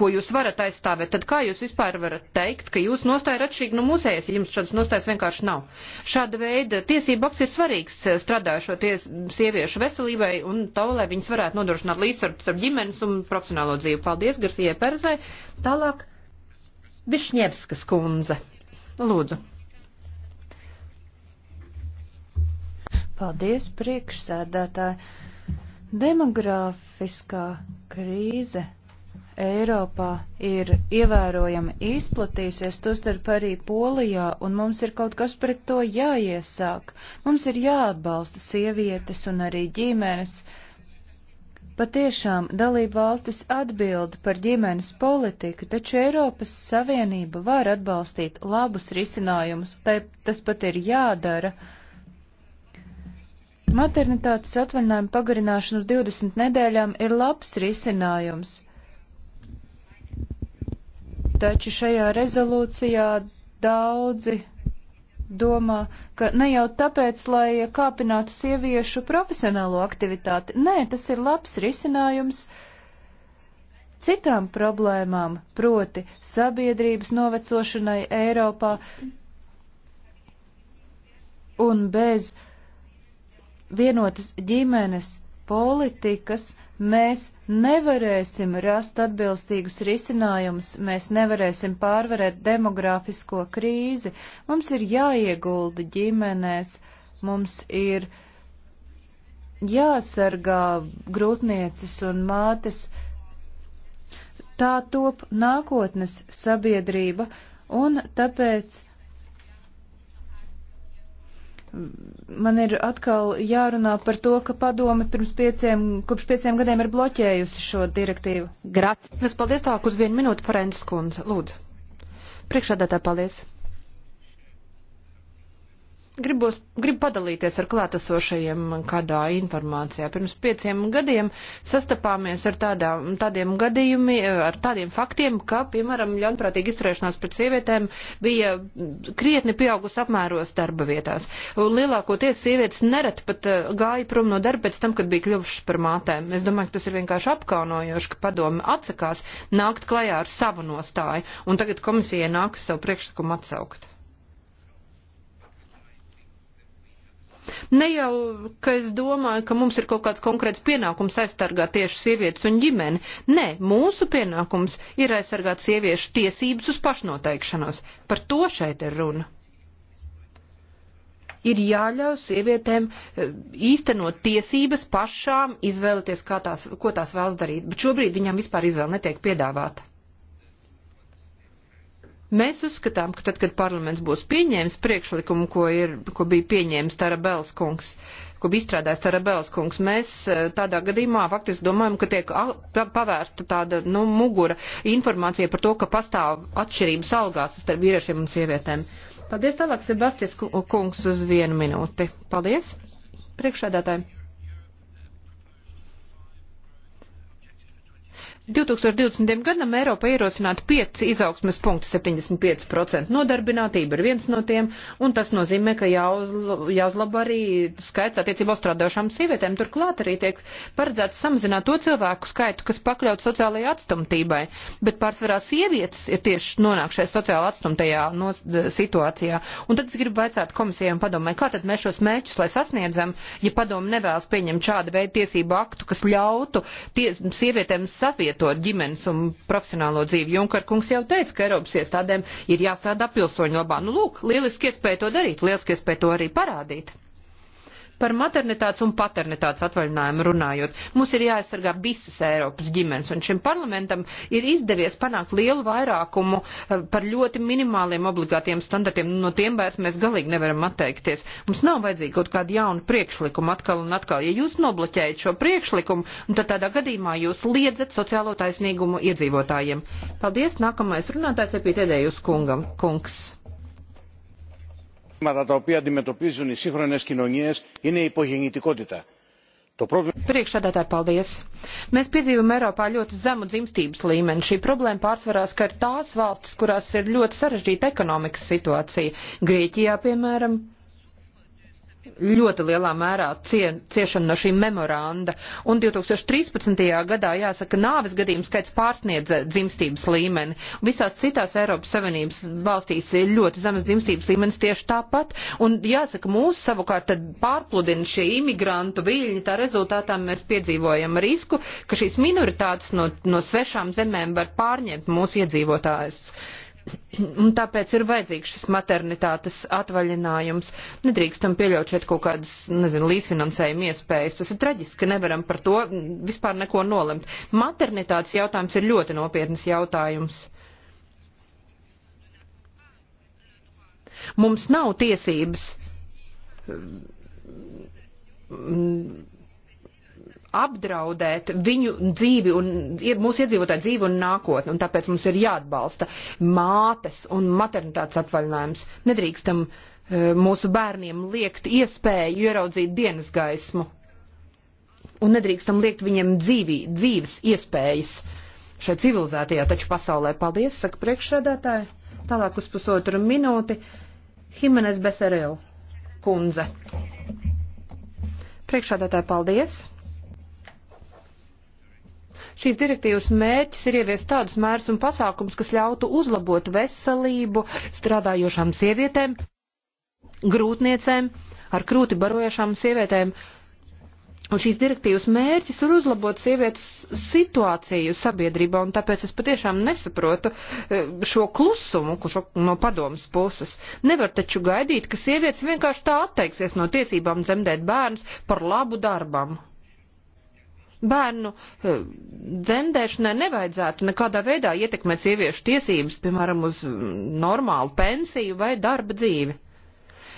ko jūs varat aizstāvēt, tad kā jūs vispār varat teikt, ka jūs nostāja ir atšķirīga no mūsējais, ja jums šādas nostājas vienkārši nav? Šāda veida tiesība akts ir svarīgs e, strādājušo ties, sieviešu veselībai un to, lai viņas varētu nodrošināt līdzsvaru starp ģimenes un profesionālo dzīvi. Paldies, Garsijai Perzai. Tālāk. Višņevskas kundze. Lūdzu. Paldies, priekšsēdētāji. Demogrāfiskā krīze Eiropā ir ievērojami izplatījusies, tostarp arī Polijā, un mums ir kaut kas pret to jāiesāk. Mums ir jāatbalsta sievietes un arī ģimenes. Patiešām dalība valstis atbild par ģimenes politiku, taču Eiropas Savienība var atbalstīt labus risinājumus, tai tas pat ir jādara. Maternitātes atvaļinājuma pagarināšana uz 20 nedēļām ir labs risinājums. Taču šajā rezolūcijā daudzi domā, ka ne jau tāpēc, lai kāpinātu sieviešu profesionālo aktivitāti. Nē, tas ir labs risinājums citām problēmām, proti sabiedrības novecošanai Eiropā un bez vienotas ģimenes politikas mēs nevarēsim rast atbilstīgus risinājumus, mēs nevarēsim pārvarēt demografisko krīzi, mums ir jāiegulda ģimenēs, mums ir jāsargā grūtnieces un mātes. Tā top nākotnes sabiedrība, un tāpēc man ir atkal jārunā par to, ka padome pirms pieciem, kopš pieciem gadiem ir bloķējusi šo direktīvu. Grats. Es paldies tālāk uz vienu minūtu, Ferenc Skundze. Lūdzu. Priekšādātā paldies gribos, gribu padalīties ar klātesošajiem kādā informācijā. Pirms pieciem gadiem sastapāmies ar tādā, tādiem gadījumiem, ar tādiem faktiem, ka, piemēram, ļaunprātīgi izturēšanās pret sievietēm bija krietni pieaugus apmēros darba vietās. Lielākoties sievietes neret pat eh, gāja prom no darba pēc tam, kad bija kļuvušas par mātēm. Es domāju, ka tas ir vienkārši apkaunojoši, ka padome atsakās nākt klajā ar savu nostāju, un tagad komisijai nākas savu priekšlikumu atsaukt. Ne jau, ka es domāju, ka mums ir kaut kāds konkrēts pienākums aizsargāt tieši sievietes un ģimeni. Nē, mūsu pienākums ir aizsargāt sieviešu tiesības uz pašnoteikšanos. Par to šeit ir runa. Ir jāļauj sievietēm e, īstenot tiesības pašām izvēlēties, tās, ko tās vēlas darīt, bet šobrīd viņām vispār izvēle netiek piedāvāta. Mēs uzskatām, ka tad, kad parlaments būs pieņēmis priekšlikumu, ko, ir, ko bija pieņēmis Tarabels kungs, ko bija izstrādājis Tarabels kungs, mēs eh, tādā gadījumā faktiski domājam, ka tiek pavērsta tāda nu, mugura informācija par to, ka pastāv atšķirības algās starp vīriešiem un sievietēm. Paldies tālāk, Sebastijas kungs, uz vienu minūti. Paldies, priekšsēdētāji. 2020. gadam Eiropa ierosināt 5 izaugsmes punktu 75%. Nodarbinātība ir viens no tiem, un tas nozīmē, ka jāuz, jāuzlabo arī skaits attiecībā uz strādājošām sievietēm. Turklāt arī tiek paredzēts samazināt to cilvēku skaitu, kas pakļaut sociālajai atstumtībai, bet pārsvarā sievietes ir tieši nonākšajā sociāli atstumtajā no, situācijā. Un tad es gribu vaicāt komisijai un padomai, kā tad mēs šos mēķus, lai sasniedzam, ja padomu nevēlas pieņemt šādu veidu tiesību aktu, kas ļautu ties, sievietēm saviet savietot ģimenes un profesionālo dzīvi. Junkar kungs jau teica, ka Eiropas iestādēm ir jāsādā pilsoņu labā. Nu, lūk, lieliski iespēja to darīt, lieliski iespēja to arī parādīt. Par maternitātes un paternitātes atvaļinājumu runājot, mums ir jāaizsargā visas Eiropas ģimenes, un šim parlamentam ir izdevies panākt lielu vairākumu eh, par ļoti minimāliem obligātiem standartiem, no tiem vairs mēs galīgi nevaram atteikties. Mums nav vajadzīga kaut kāda jauna priekšlikuma atkal un atkal. Ja jūs nobloķējat šo priekšlikumu, tad tādā gadījumā jūs liedzat sociālo taisnīgumu iedzīvotājiem. Paldies, nākamais runātājs ir pie tēdējus kungam, kungs τα οποία αντιμετωπίζουν οι σύγχρονες κοινωνίες είναι η υπογεννητικότητα. Priekšsēdētāji, paldies! Mēs piedzīvam Eiropā ļoti zemu dzimstības līmeni. Šī problēma pārsvarā skar tās valstis, kurās ir ļoti sarežģīta ekonomikas situācija. Grieķijā, piemēram, ļoti lielā mērā cie, ciešana no šī memoranda, un 2013. gadā, jāsaka, nāves gadījumu skaits pārsniedza eh, dzimstības līmeni. Visās citās Eiropas Savienības valstīs ir ļoti zemes dzimstības līmenis tieši tāpat, un jāsaka, mūs savukārt tad pārpludina šie imigrantu viļņi, tā rezultātā mēs piedzīvojam risku, ka šīs minoritātes no, no svešām zemēm var pārņemt mūsu iedzīvotājus. Uh, Un tāpēc ir vajadzīgs šis maternitātes atvaļinājums. Nedrīkstam pieļaut šeit kaut kādas, nezinu, līdzfinansējuma iespējas. Tas ir traģiski, ka nevaram par to vispār neko nolemt. Maternitātes jautājums ir ļoti nopietnas jautājums. Mums nav tiesības apdraudēt viņu dzīvi un mūsu iedzīvotāju dzīvi un nākotni. Un tāpēc mums ir jāatbalsta mātes un maternitātes atvaļinājums. Nedrīkstam e, mūsu bērniem liekt iespēju ieraudzīt dienas gaismu. Un nedrīkstam liekt viņiem dzīvi, dzīves iespējas šai civilizētajā taču pasaulē. Paldies, saka priekšsēdētāji. Tālāk uz pusotru minūti. Himenes Beseril kundze. Priekšsēdētāji, paldies! Šīs direktīvas mērķis ir ieviest tādus mērus un pasākums, kas ļautu uzlabot veselību strādājošām sievietēm, grūtniecēm, ar krūti barojošām sievietēm. Un šīs direktīvas mērķis ir uzlabot sievietes situāciju sabiedrībā, un tāpēc es patiešām nesaprotu eh, šo klusumu šo, no padomas puses. Nevar taču gaidīt, ka sievietes vienkārši tā atteiksies no tiesībām dzemdēt bērnus par labu darbam bērnu eh, dzemdēšanai nevajadzētu nekādā veidā ietekmēt sieviešu tiesības, piemēram, uz mm, normālu pensiju vai darba dzīvi.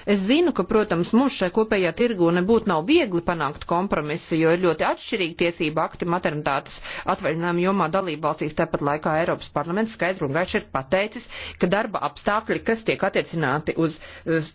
Es zinu, ka, protams, mums šai kopējā tirgu nebūtu nav viegli panākt kompromisu, jo ir ļoti atšķirīgi tiesība akti maternitātes atvaļinājuma jomā dalībvalstīs. Tāpat laikā Eiropas parlaments skaidru un gaiši ir pateicis, ka darba apstākļi, kas tiek attiecināti uz, uz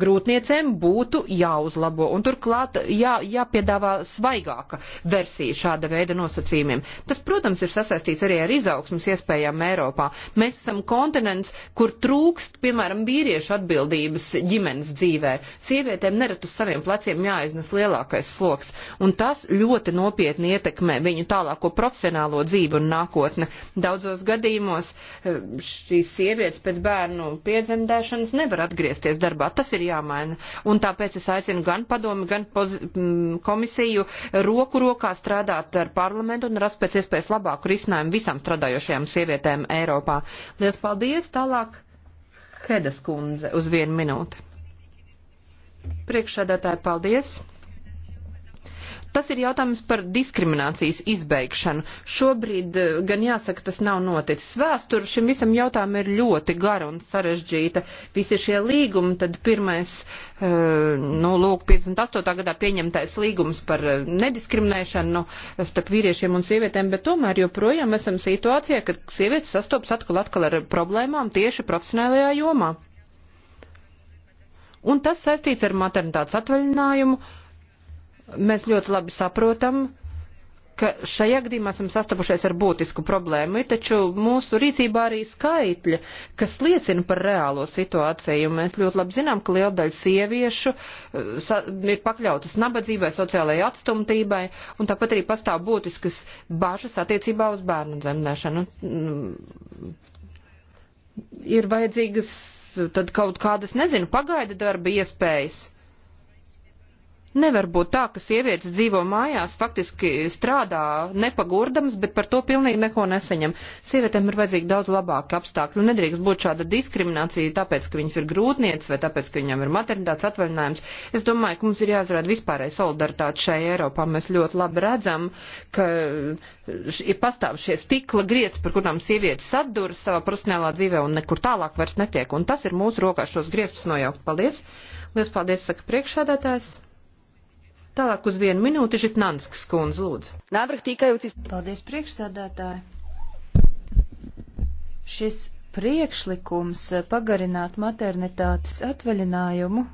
grūtniecēm, būtu jāuzlabo. Un turklāt jā, jāpiedāvā svaigāka versija šāda veida nosacījumiem. Tas, protams, ir sasaistīts arī ar izaugsmas iespējām Eiropā. Mēs esam kontinents, kur trūkst, piemēram, vīriešu atbildības ģimenes ģimenes dzīvē. Sievietēm nerad uz saviem pleciem jāiznes lielākais sloks, un tas ļoti nopietni ietekmē viņu tālāko profesionālo dzīvi un nākotni. Daudzos gadījumos eh, šīs sievietes pēc bērnu piedzemdēšanas nevar atgriezties darbā. Tas ir jāmaina. Un tāpēc es aicinu gan padomi, gan mm, komisiju roku rokā strādāt ar parlamentu un rast pēc iespējas labāku risinājumu visām strādājošajām sievietēm Eiropā. Lielas paldies! Tālāk Hedas kundze uz vienu minūti. Priekšsēdētāji, paldies! Tas ir jautājums par diskriminācijas izbeigšanu. Šobrīd, eh, gan jāsaka, tas nav noticis. Vēsture šim visam jautājumam ir ļoti gara un sarežģīta. Visi šie līgumi, tad pirmais, eh, nu, lūk, 58. gadā pieņemtais līgums par eh, nediskriminēšanu nu, starp vīriešiem un sievietēm, bet tomēr joprojām esam situācijā, kad sievietes sastopas atkal atkal ar problēmām tieši profesionālajā jomā un tas saistīts ar maternitātes atvaļinājumu. Mēs ļoti labi saprotam, ka šajā gadījumā esam sastapušies ar būtisku problēmu, ir taču mūsu rīcībā arī skaitļi, kas liecina par reālo situāciju. Mēs ļoti labi zinām, ka liela daļa sieviešu uh, ir pakļautas nabadzībai, sociālajai atstumtībai, un tāpat arī pastāv būtiskas bažas attiecībā uz bērnu dzemdēšanu. Mm, ir vajadzīgas tad kaut kādas, nezinu, pagaida darba iespējas. Nevar būt tā, ka sievietes dzīvo mājās, faktiski strādā nepagurdamas, bet par to pilnīgi neko nesaņem. Sievietēm ir vajadzīgi daudz labāki apstākļi. Nedrīkst būt šāda diskriminācija, tāpēc, ka viņas ir grūtniecas vai tāpēc, ka viņām ir maternitātes atvaļinājums. Es domāju, ka mums ir jāizrāda vispārēja solidaritāte šai Eiropā. Mēs ļoti labi redzam, ka ir pastāv šie stikla griezti, par kurām sievietes atduras savā profesionālā dzīvē un nekur tālāk vairs netiek. Un tas ir mūsu rokās šos griestus nojaukt. Paldies! Lielas paldies, saka priekšādātājs! Tālāk uz vienu minūti Žitnanskas kundze, lūdzu. Návrh týkajúci... Paldies, priekšsādātāji. Šis priekšlikums pagarināt maternitātes atvaļinājumu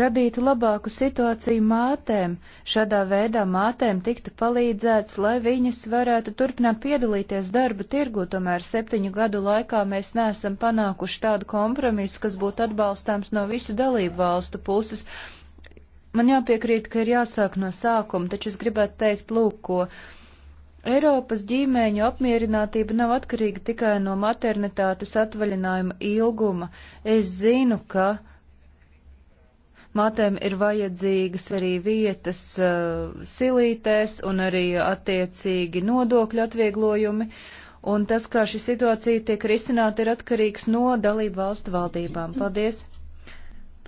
radītu labāku situāciju mātēm. Šādā veidā mātēm tiktu palīdzēts, lai viņas varētu turpināt piedalīties darba tirgu, tomēr septiņu gadu laikā mēs neesam panākuši tādu kompromisu, kas būtu atbalstāms no visu dalību valstu puses. Man jāpiekrīt, ka ir jāsāk no sākuma, taču es gribētu teikt, lūk, ko. Eiropas ģimēņu apmierinātība nav atkarīga tikai no maternitātes atvaļinājuma ilguma. Es zinu, ka Mātēm ir vajadzīgas arī vietas uh, silītēs un arī attiecīgi nodokļu atvieglojumi. Un tas, kā šī situācija tiek risināta, ir atkarīgs no dalību valstu valdībām. Paldies!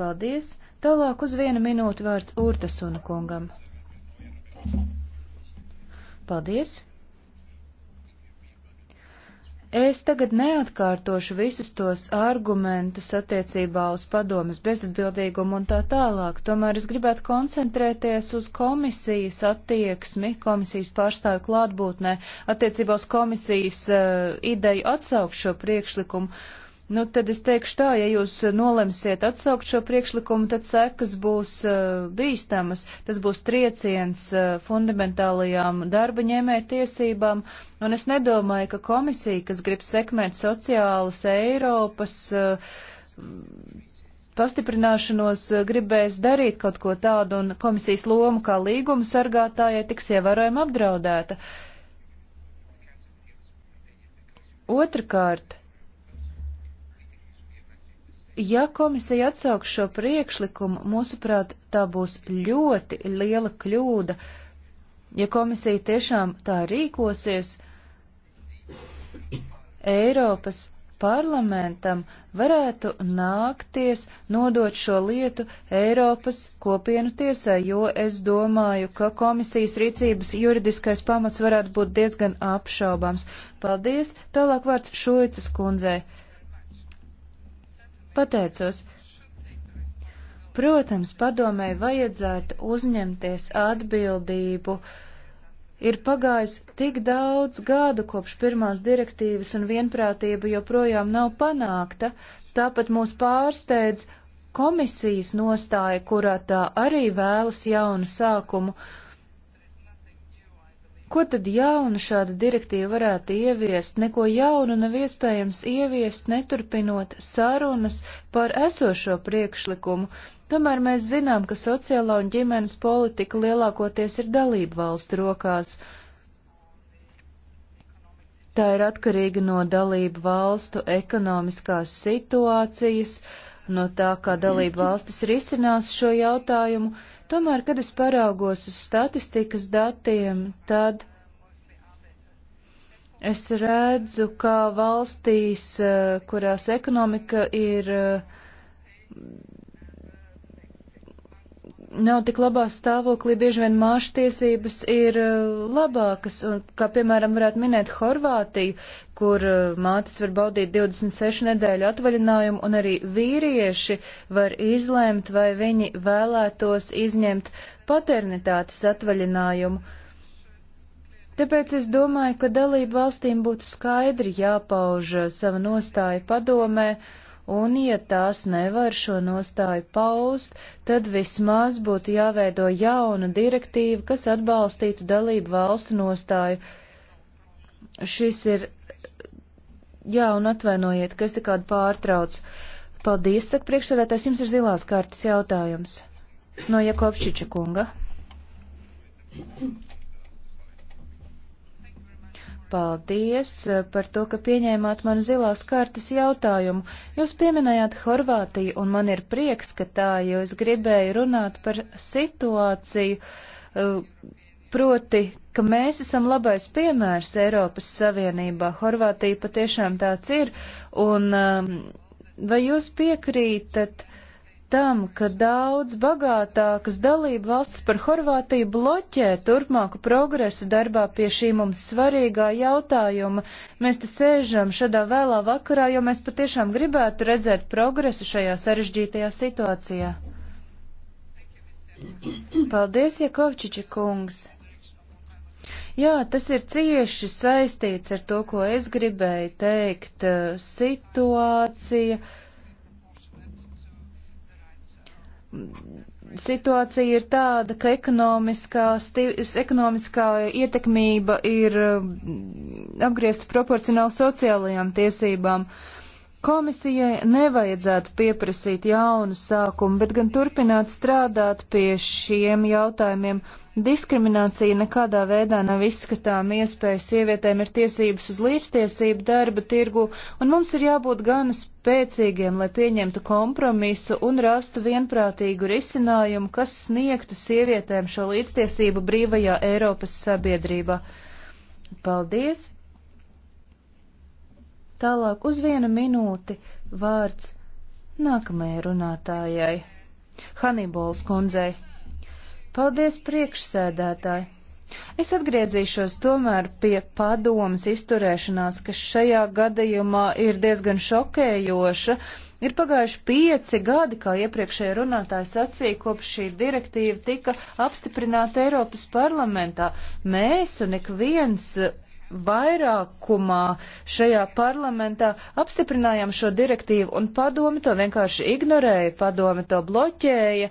Paldies! Tālāk uz vienu minūtu vārds Urtasuna kungam. Paldies! Es tagad neatkārtošu visus tos argumentus attiecībā uz padomas bezatbildīgumu un tā tālāk, tomēr es gribētu koncentrēties uz komisijas attieksmi, komisijas pārstāvju klātbūtnē, attiecībā uz komisijas uh, ideju atsaukt šo priekšlikumu Nu, tad es teikšu tā, ja jūs eh, nolemsiet atsaukt šo priekšlikumu, tad sekas būs uh, bīstamas. Tas būs trieciens uh, fundamentālajām darba ņēmēja tiesībām, un es nedomāju, ka komisija, kas grib sekmēt sociālas Eiropas uh, pastiprināšanos, uh, gribēs darīt kaut ko tādu, un komisijas loma kā līguma sargātājai tiks ievērojami apdraudēta. Otrakārt. Ja komisija atsauks šo priekšlikumu, mūsuprāt, tā būs ļoti liela kļūda. Ja komisija tiešām tā rīkosies, Eiropas parlamentam varētu nākties nodot šo lietu Eiropas kopienu tiesai, jo es domāju, ka komisijas rīcības juridiskais pamats varētu būt diezgan apšaubams. Paldies! Tālāk vārds Šoicas kundzei. Pateicos. Protams, padomēji vajadzētu uzņemties atbildību. Ir pagājis tik daudz gadu kopš pirmās direktīvas un vienprātība joprojām nav panākta, tāpat mūs pārsteidz komisijas nostāja, kurā tā arī vēlas jaunu sākumu, Ko tad jaunu šāda direktīva varētu ieviest? Neko jaunu nav iespējams ieviest, neturpinot sarunas par esošo priekšlikumu. Tomēr mēs zinām, ka sociālā un ģimenes politika lielākoties ir dalību valstu rokās. Tā ir atkarīga no dalību valstu ekonomiskās situācijas, no tā, kā dalību valstis risinās šo jautājumu, Tomēr, kad es paraugos uz statistikas datiem, tad es redzu, ka valstīs, eh, kurās ekonomika ir eh, nav tik labā stāvoklī, bieži vien māšu tiesības ir eh, labākas, un kā piemēram varētu minēt Horvātiju, kur eh, mātes var baudīt 26 nedēļu atvaļinājumu, un arī vīrieši var izlēmt, vai viņi vēlētos izņemt paternitātes atvaļinājumu. Tāpēc es domāju, ka dalību valstīm būtu skaidri jāpauž eh, sava nostāja padomē, uh, un ja tās nevar šo nostāju paust, tad vismaz būtu jāveido jauna direktīva, kas atbalstītu dalību valstu nostāju. Šis ir, jā, un atvainojiet, ka es te kādu pārtrauc. Paldies, saka priekšsēdētājs, jums ir zilās kārtas jautājums. No Jakobčiča kunga. Thank you. Paldies eh, par to, ka pieņēmāt manu zilās kartas jautājumu. Jūs pieminējāt Horvātiju, un man ir prieks, ka tā, jo es gribēju runāt par situāciju, eh, proti, ka mēs esam labais piemērs Eiropas Savienībā. Horvātija patiešām tāds ir, un eh, vai jūs piekrītat? tam, ka daudz bagātākas dalība valsts par Horvātiju bloķē turpmāku progresu darbā pie šī mums svarīgā jautājuma. Mēs te sēžam šādā vēlā vakarā, jo mēs patiešām gribētu redzēt progresu šajā sarežģītajā situācijā. Paldies, Jakovčiča kungs! Jā, tas ir cieši saistīts ar to, ko es gribēju teikt. Eh, situācija situācija ir tāda, ka ekonomiskā, ekonomiskā ietekmība ir um, apgriezta proporcionāli sociālajām tiesībām. Uh, Komisijai nevajadzētu pieprasīt jaunu sākumu, bet gan turpināt strādāt pie šiem jautājumiem. Diskriminācija nekādā veidā nav izskatām iespēja. Sievietēm ir tiesības uz līdztiesību darba tirgu, un mums ir jābūt gana spēcīgiem, lai pieņemtu kompromisu un rastu vienprātīgu risinājumu, kas sniegtu sievietēm šo līdztiesību brīvajā Eiropas sabiedrībā. Paldies! Tālāk uz vienu minūti vārds nākamajai runātājai - Hanibols kundzei. Paldies priekšsēdētāji! Es atgriezīšos tomēr pie padomas izturēšanās, kas šajā gadījumā ir diezgan šokējoša. Ir pagājuši pieci gadi, kā iepriekšējā runātāja sacīja, kopš šī direktīva tika apstiprināta Eiropas parlamentā. Mēs un ik viens vairākumā šajā parlamentā apstiprinājām šo direktīvu, un padomi to vienkārši ignorēja, padomi to bloķēja.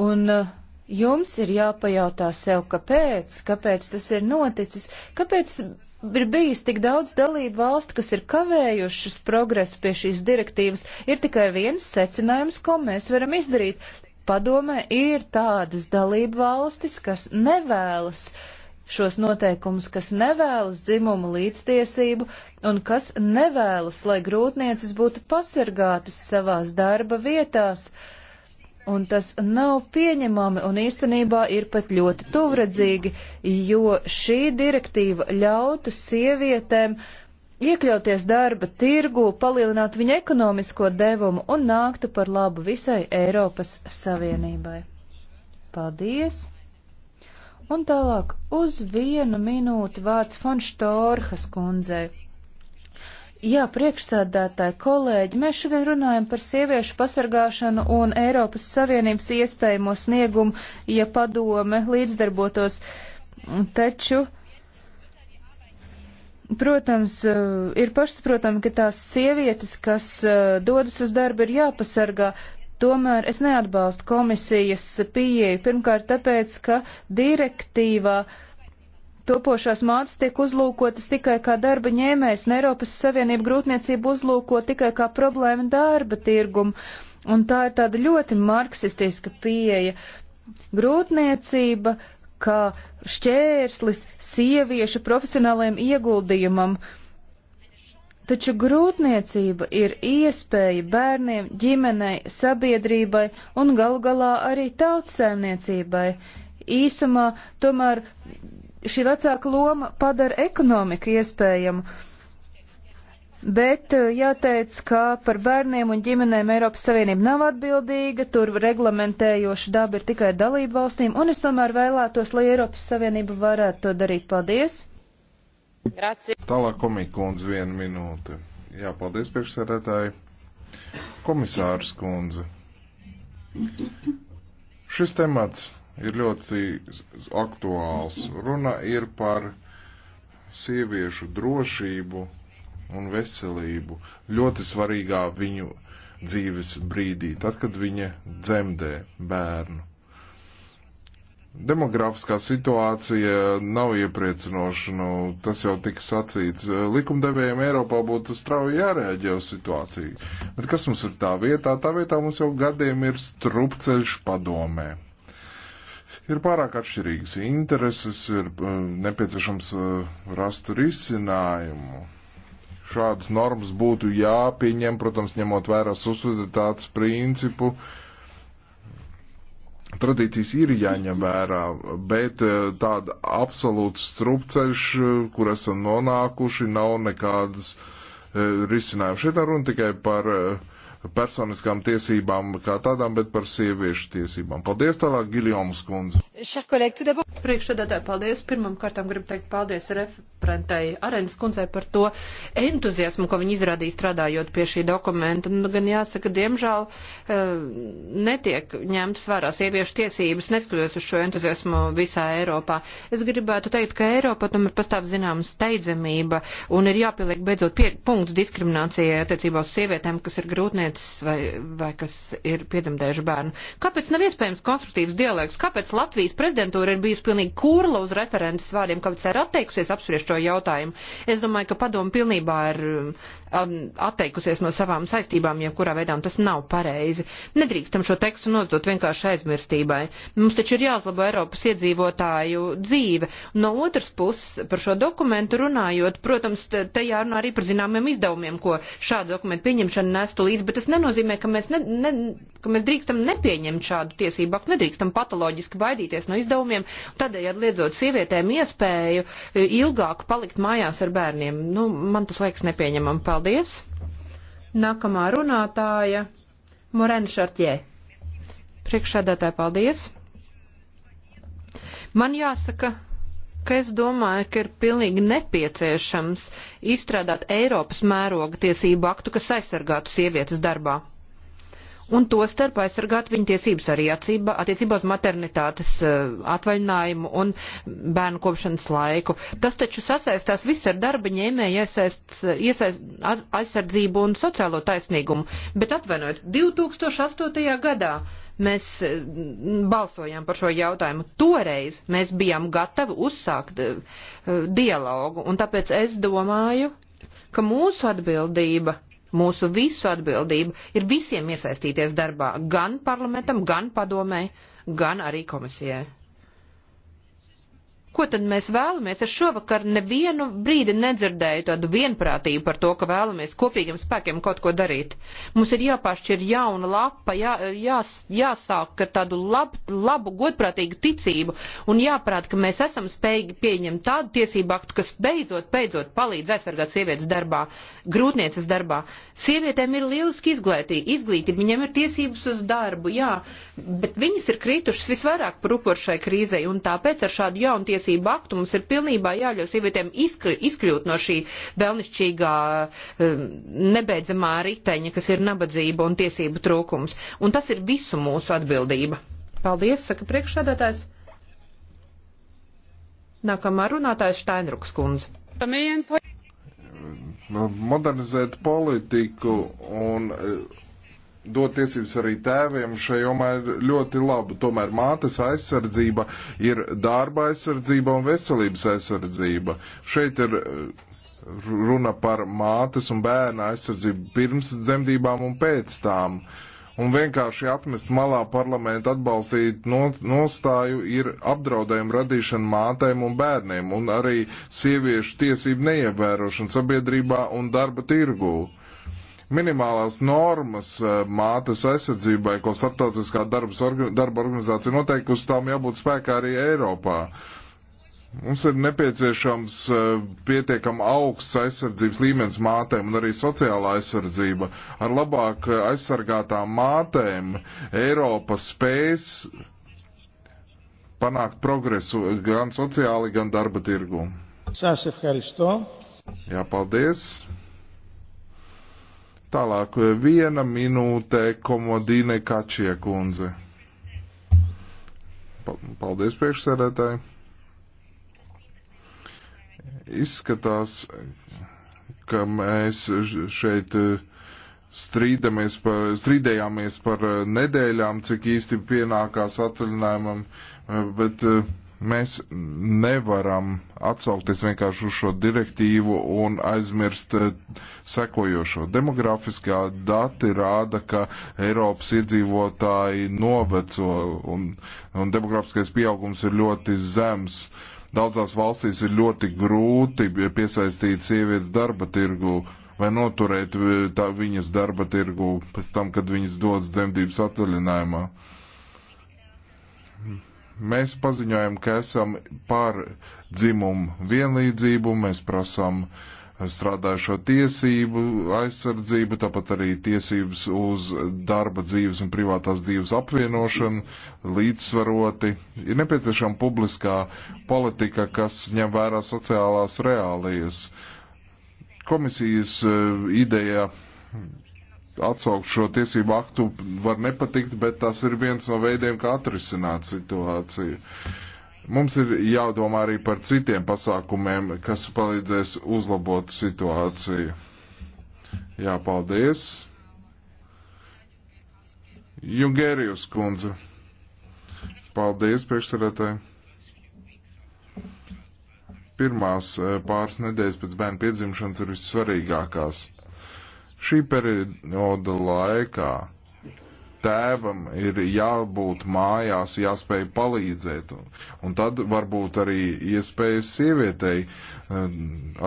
Un uh, jums ir jāpajautā sev, kāpēc, kāpēc tas ir noticis, kāpēc ir bijis tik daudz dalību valstu, kas ir kavējušas progresu pie šīs direktīvas, ir tikai viens secinājums, ko mēs varam izdarīt Padomē ir tādas dalība valstis, kas nevēlas šos noteikumus, kas nevēlas dzimumu līdztiesību un kas nevēlas, lai grūtniecis būtu pasargātas savās darba vietās. Un tas nav pieņemami un īstenībā ir pat ļoti tuvredzīgi, jo šī direktīva ļautu sievietēm uh, iekļauties darba tirgu, palielinātu viņa ekonomisko devumu un nāktu par labu visai Eiropas Savienībai. Paldies! Un tālāk uz vienu minūti vārds Fonštorhas kundzei. Jā, priekšsādātāji, kolēģi, mēs šodien runājam par sieviešu pasargāšanu un Eiropas Savienības iespējamo sniegumu, ja padome līdzdarbotos. Taču uh, Protams, eh, ir pašsaprotami, ka tās sievietes, kas eh, dodas uz darbu, ir jāpasargā, Tomēr es neatbalstu komisijas pieeju, pirmkārt tāpēc, ka direktīvā topošās mātes tiek uzlūkotas tikai kā darba ņēmējs, un Eiropas Savienība grūtniecību uzlūko tikai kā problēma darba tirgumu, un tā ir tāda ļoti marksistiska pieeja. Grūtniecība uh, kā šķērslis sieviešu profesionālajiem ieguldījumam. Taču grūtniecība ir iespēja bērniem, ģimenei, sabiedrībai un galu galā arī tautsēmniecībai. Īsumā tomēr šī vecāka loma padara ekonomiku iespējamu Bet eh, jāteic, ka par bērniem un ģimenēm Eiropas Savienība nav atbildīga, tur reglamentējoša daba ir tikai dalību valstīm, un es tomēr vēlētos, lai Eiropas Savienība varētu to darīt. Paldies! Grazie. Tālāk komikundze viena minūte. Jā, paldies priekšsēdētāji. Komisārs kundze. Šis temats ir ļoti aktuāls. Runa ir par sieviešu drošību un veselību ļoti svarīgā viņu dzīves brīdī, tad, kad viņa dzemdē bērnu. Demografiskā situācija nav iepriecinoša, nu, tas jau tika sacīts. Likumdevējiem Eiropā būtu strauji jārēģē uz situāciju. Bet kas mums ir tā vietā? Tā vietā mums jau gadiem ir strupceļš padomē. Ir pārāk atšķirīgas intereses, ir mm, nepieciešams mm, rast risinājumu šādas normas būtu jāpieņem, protams, ņemot vērā subsidiatātes principu. Tradīcijas ir jāņem vērā, bet eh, tāda absolūta strupceļš, eh, kur esam nonākuši, nav nekādas eh, risinājuma. Šeit runa tikai par uh, personiskām tiesībām kā tādām, bet par sieviešu tiesībām. Paldies tālāk, Giljomas kundze. Priekšsēdētāji, paldies. Pirmam kārtām gribu teikt paldies referentei Arēnas kundzei par to entuziasmu, ko viņi izrādīja strādājot pie šī dokumenta. Nu, gan jāsaka, diemžēl eh, netiek ņemtas vērā sieviešu tiesības, neskatoties uz šo entuziasmu visā Eiropā. Es gribētu teikt, ka Eiropa tomēr pastāv zināmas steidzamība un ir jāpieliek beidzot pie, punkts diskriminācijai attiecībā uz sievietēm, kas ir grūtniecības sievietes vai, vai kas ir piedzemdējuši bērnu. Kāpēc nav iespējams konstruktīvs dialogs? Kāpēc Latvijas prezidentūra ir bijusi pilnīgi kurla uz referentes vārdiem? Kāpēc tā ir atteikusies apspriest šo jautājumu? Es domāju, ka padomu pilnībā ir um, atteikusies no savām saistībām, jebkurā veidā, un tas nav pareizi. Nedrīkstam šo tekstu nodot vienkārši aizmirstībai. Mums taču ir jāuzlabo Eiropas iedzīvotāju dzīve. No otras puses, par šo dokumentu runājot, protams, te jārunā arī par zināmiem izdevumiem, ko šādu dokumentu pieņemšana nestu līdzi, bet tas nenozīmē, ka mēs, ne, ne, ka mēs drīkstam nepieņemt šādu tiesību aktu, nedrīkstam patoloģiski baidīties no izdevumiem, tādējādi liedzot sievietēm iespēju e, ilgāk palikt mājās ar bērniem. Nu, man tas liekas nepieņemam. Paldies. Paldies! Nākamā runātāja Morena Šartjē. Priekšsēdētāji, paldies! Man jāsaka, ka es domāju, ka ir pilnīgi nepieciešams izstrādāt Eiropas mēroga tiesību aktu, kas aizsargātu sievietes darbā un to starp aizsargāt viņu tiesības arī atcībā, attiecībā uz maternitātes eh, atvaļinājumu un bērnu kopšanas laiku. Tas taču sasaistās viss ar darba ņēmēju iesaist, iesaist, aizsardzību un sociālo taisnīgumu, bet atvainojot, 2008. gadā mēs eh, balsojām par šo jautājumu. Toreiz mēs bijām gatavi uzsākt eh, dialogu, un tāpēc es domāju, ka mūsu atbildība Mūsu visu atbildība ir visiem iesaistīties darbā, gan parlamentam, gan padomē, gan arī komisijai. Ko tad mēs vēlamies? Es šovakar nevienu brīdi nedzirdēju tādu vienprātību par to, ka vēlamies kopīgiem spēkiem kaut ko darīt. Mums ir jāpāršķir jauna lapa, jā, jās, jāsāk ar tādu lab, labu, godprātīgu ticību un jāprāt, ka mēs esam spējīgi pieņemt tādu tiesību aktu, kas beidzot, beidzot palīdz aizsargāt sievietes darbā, grūtnieces darbā. Sievietēm ir lieliski izglītība, izglītība, viņiem ir tiesības uz darbu, jā, bet viņas ir kritušas visvairāk par upuru šai krīzei un tāpēc ar šādu jaunu tiesību tiesību aktu mums ir pilnībā jāļauj sievietēm izkļ, izkļūt no šī belnišķīgā um, nebeidzamā riteņa, kas ir nabadzība un tiesību trūkums. Un tas ir visu mūsu atbildība. Paldies, saka priekšsēdētājs. Nākamā runātājs Štainruks kundze. Nu, modernizēt politiku un dot tiesības arī tēviem šai jomā ir ļoti laba. Tomēr mātes aizsardzība ir darba aizsardzība un veselības aizsardzība. Šeit ir eh, runa par mātes un bērna aizsardzību pirms dzemdībām un pēc tām. Un vienkārši atmest malā parlamentu atbalstīt nostāju ir apdraudējumu radīšana mātēm un bērniem un arī sieviešu tiesību neievērošana sabiedrībā un darba tirgū Minimālās normas eh, mātes aizsardzībai, ko starptautiskā darbs, darba organizācija noteikusi, tām jābūt spēkā arī Eiropā. Mums ir nepieciešams eh, pietiekam augsts aizsardzības līmenis mātēm un arī sociālā aizsardzība. Ar labāk aizsargātām mātēm Eiropa spēs panākt progresu gan sociāli, gan darba tirgu. Jā, paldies. Tālāk viena minūte komodīne Kačie kundze. Paldies priekšsēdētāji. Izskatās, ka mēs šeit eh, strīdamies par, strīdējāmies par eh, nedēļām, cik īsti pienākās atvaļinājumam, eh, bet uh, Mēs nevaram atsaukties vienkārši uz šo direktīvu un aizmirst eh, sekojošo. Demografiskā dati rāda, ka Eiropas iedzīvotāji noveco un, un demografiskais pieaugums ir ļoti zems. Daudzās valstīs ir ļoti grūti piesaistīt sievietes darba tirgu vai noturēt eh, tā, viņas darba tirgu pēc tam, kad viņas dodas dzemdības atvaļinājumā. Uh, Mēs paziņojam, ka esam par dzimumu vienlīdzību, mēs prasām strādājušo tiesību, aizsardzību, tāpat arī tiesības uz darba dzīves un privātās dzīves apvienošanu līdzsvaroti. Ir nepieciešama publiskā politika, kas ņem vērā sociālās reālijas. Komisijas eh, ideja atsaukt šo tiesību aktu var nepatikt, bet tas ir viens no veidiem, kā atrisināt situāciju. Mums ir jādomā arī par citiem pasākumiem, kas palīdzēs uzlabot situāciju. Jā, paldies. Jungērijus kundze. Paldies, priekšsarētāji pirmās eh, pāris nedēļas pēc bērna piedzimšanas ir vissvarīgākās. Šī perioda laikā tēvam ir jābūt mājās, jāspēj palīdzēt. Un tad varbūt arī iespējas sievietei eh,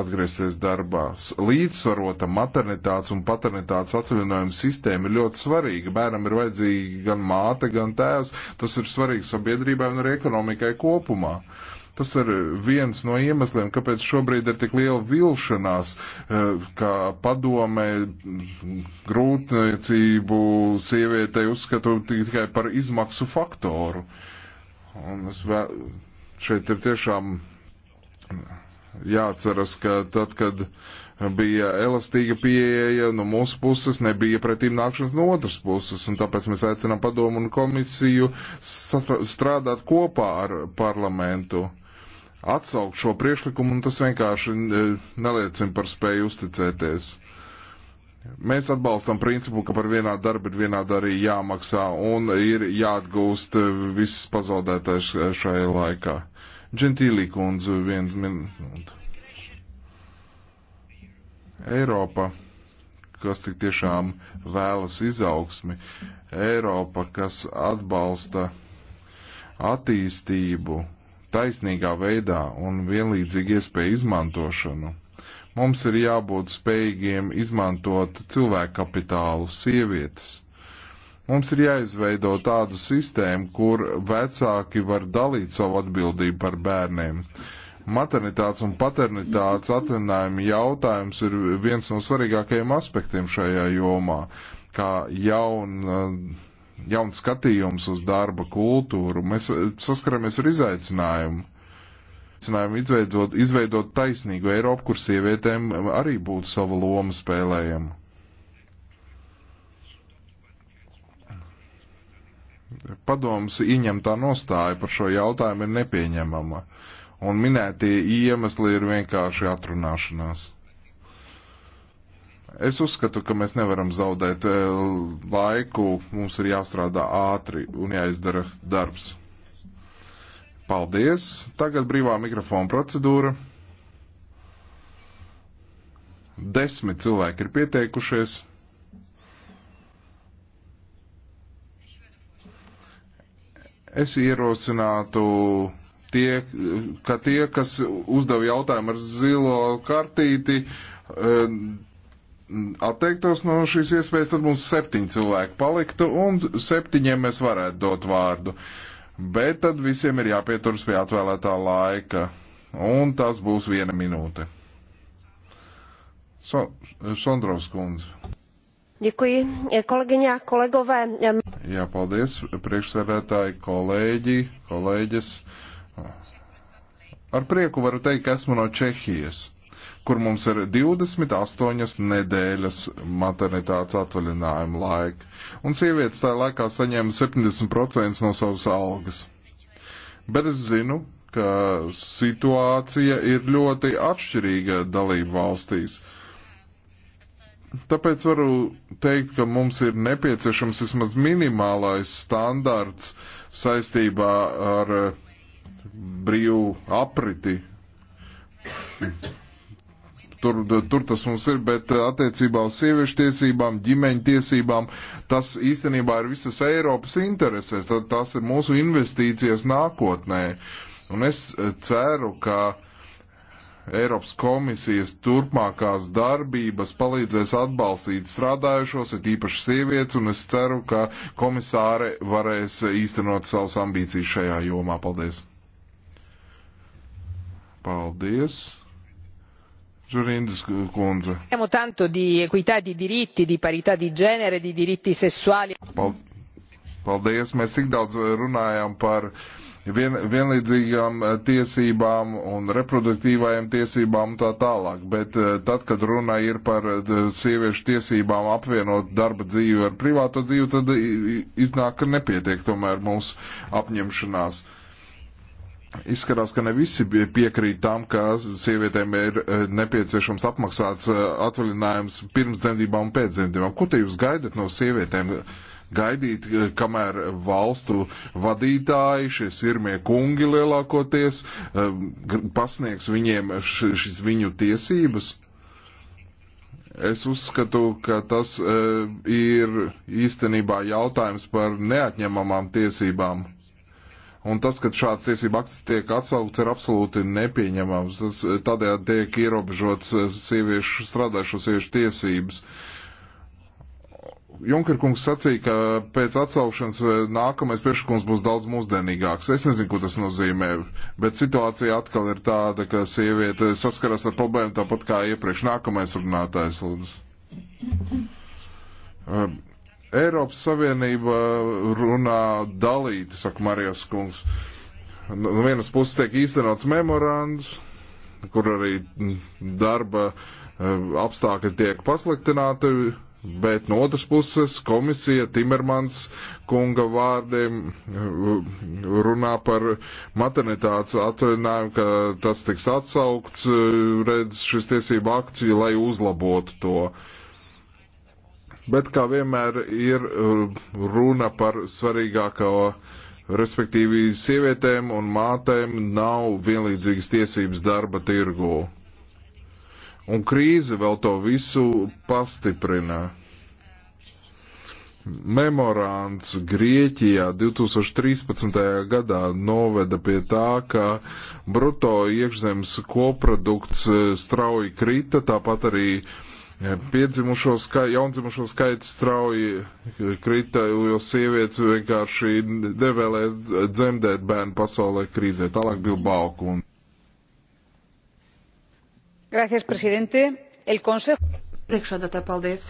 atgriezties darbā. Līdzsvarota maternitātes un paternitātes atvaļinājuma sistēma ir ļoti svarīga. Bērnam ir vajadzīga gan māte, gan tēvs. Tas ir svarīgi sabiedrībai un arī ekonomikai kopumā. Uh, Tas ir viens no iemesliem, kāpēc šobrīd ir tik liela vilšanās, eh, kā padome grūtniecību sievietei uzskatu tikai par izmaksu faktoru. Un es vēl, šeit ir tiešām jāatceras, ka tad, kad bija elastīga pieeja no mūsu puses, nebija pretīm nākšanas no otras puses, un tāpēc mēs aicinām padomu un komisiju strādāt kopā ar parlamentu atsaukt šo priekšlikumu, un tas vienkārši e, neliecina par spēju uzticēties. Mēs atbalstam principu, ka par vienādu darbu ir vienādi arī jāmaksā un ir jāatgūst e, viss pazaudētais šajā laikā. Džentīlī kundze, viena minūte. Eiropa, kas tik tiešām vēlas izaugsmi, Eiropa, kas atbalsta attīstību taisnīgā veidā un vienlīdzīgi iespēju izmantošanu. Mums ir jābūt spējīgiem izmantot cilvēku kapitālu sievietes. Mums ir jāizveido tāda sistēma, kur vecāki var dalīt savu atbildību par bērniem. Maternitātes un paternitātes atvinājuma jautājums ir viens no svarīgākajiem aspektiem šajā jomā, kā jauna jauns skatījums uz darba kultūru. Mēs saskaramies ar izaicinājumu. Izaicinājumu izveidot, izveidot taisnīgu Eiropu, kur sievietēm arī būtu sava loma spēlējama. Padoms ieņemtā nostāja par šo jautājumu ir nepieņemama, un minētie iemesli ir vienkārši atrunāšanās. Es uzskatu, ka mēs nevaram zaudēt eh, laiku, mums ir jāstrādā ātri un jāizdara darbs. Paldies! Tagad brīvā mikrofona procedūra. Desmit cilvēki ir pieteikušies. Es ierosinātu tie, ka tie, kas uzdeva jautājumu ar zilo kartīti, eh, Mm, atteiktos no šīs iespējas, tad mums septiņi cilvēki paliktu, un septiņiem mēs varētu dot vārdu. Bet tad visiem ir jāpieturas pie atvēlētā laika, un tas būs viena minūte. So, Sondrovs kundze. Děkuji, kolegyně a kolegové. Jā, paldies, priekšsēdētāji, kolēģi, kolēģis. Ar prieku varu teikt, ka esmu no Čehijas kur mums ir 28 nedēļas maternitātes atvaļinājuma laika, un sievietes tajā laikā saņēma 70% no savas algas. Bet es zinu, ka situācija ir ļoti atšķirīga dalību valstīs. Tāpēc varu teikt, ka mums ir nepieciešams vismaz minimālais standarts saistībā ar brīvu apriti. Tur, tur tas mums ir, bet eh, attiecībā uz sieviešu tiesībām, ģimeņu tiesībām, tas īstenībā ir visas Eiropas interesēs. Tas ir mūsu investīcijas nākotnē. Un es eh, ceru, ka Eiropas komisijas turpmākās darbības palīdzēs atbalstīt strādājušos, ir īpaši sievietes, un es ceru, ka komisāre varēs īstenot savas ambīcijas šajā jomā. Paldies! Paldies! Žurindas kundze. Parliamo tanto di equità di diritti, di parità di genere, di diritti sessuali. Paldies, mēs tik daudz runājam par vien, vienlīdzīgām eh, tiesībām un reproduktīvajām tiesībām un tā tālāk. Bet eh, tad, kad runa ir par eh, sieviešu tiesībām apvienot darba dzīvi ar privāto dzīvi, tad iznāk, ka nepietiek tomēr mūsu apņemšanās. Uh, Izskatās, ka ne visi piekrīt tam, ka sievietēm ir eh, nepieciešams apmaksāts eh, atvaļinājums pirms dzemdībām un pēc dzemdībām. Ko te jūs gaidat no sievietēm? Gaidīt, eh, kamēr valstu vadītāji, šie sirmie kungi lielākoties, pasniegs viņiem šīs viņu tiesības? Es uzskatu, ka tas ir īstenībā jautājums par neatņemamām tiesībām Un tas, ka šāds tiesība akts tiek atsaukts, ir absolūti nepieņemams. Tas eh, tādējādi tiek ierobežots eh, sieviešu, strādājušo sieviešu tiesības. Junkerkungs sacīja, ka pēc atsaukšanas eh, nākamais priekšlikums būs daudz mūsdienīgāks. Es nezinu, ko tas nozīmē, bet situācija atkal ir tāda, ka sieviete saskaras ar problēmu tāpat kā iepriekš. Nākamais runātājs, lūdzu. Um Eiropas Savienība runā dalīti, saka Marijas kungs. No vienas puses tiek īstenots memorands, kur arī darba e, apstākļi tiek pasliktināti, bet no otras puses komisija Timermans kunga vārdiem e, runā par maternitātes atvaļinājumu, ka tas tiks atsaukts, e, redz šis tiesība akcija, lai uzlabotu to. Uh, bet kā vienmēr ir uh, runa par svarīgāko, respektīvi sievietēm un mātēm nav vienlīdzīgas tiesības darba tirgū. Un krīze vēl to visu pastiprina. Memorāns Grieķijā 2013. gadā noveda pie tā, ka bruto iekšzemes koprodukts uh, strauji krita, tāpat arī uh, Piedzimušo skaits, jaundzimušo skaits strauji krita, jo sievietes vienkārši nevēlēs dzemdēt bērnu pasaulē krīzē. Tālāk Bilbao kundze. Gracias, presidente. El consejo. Priekšādā tā paldies.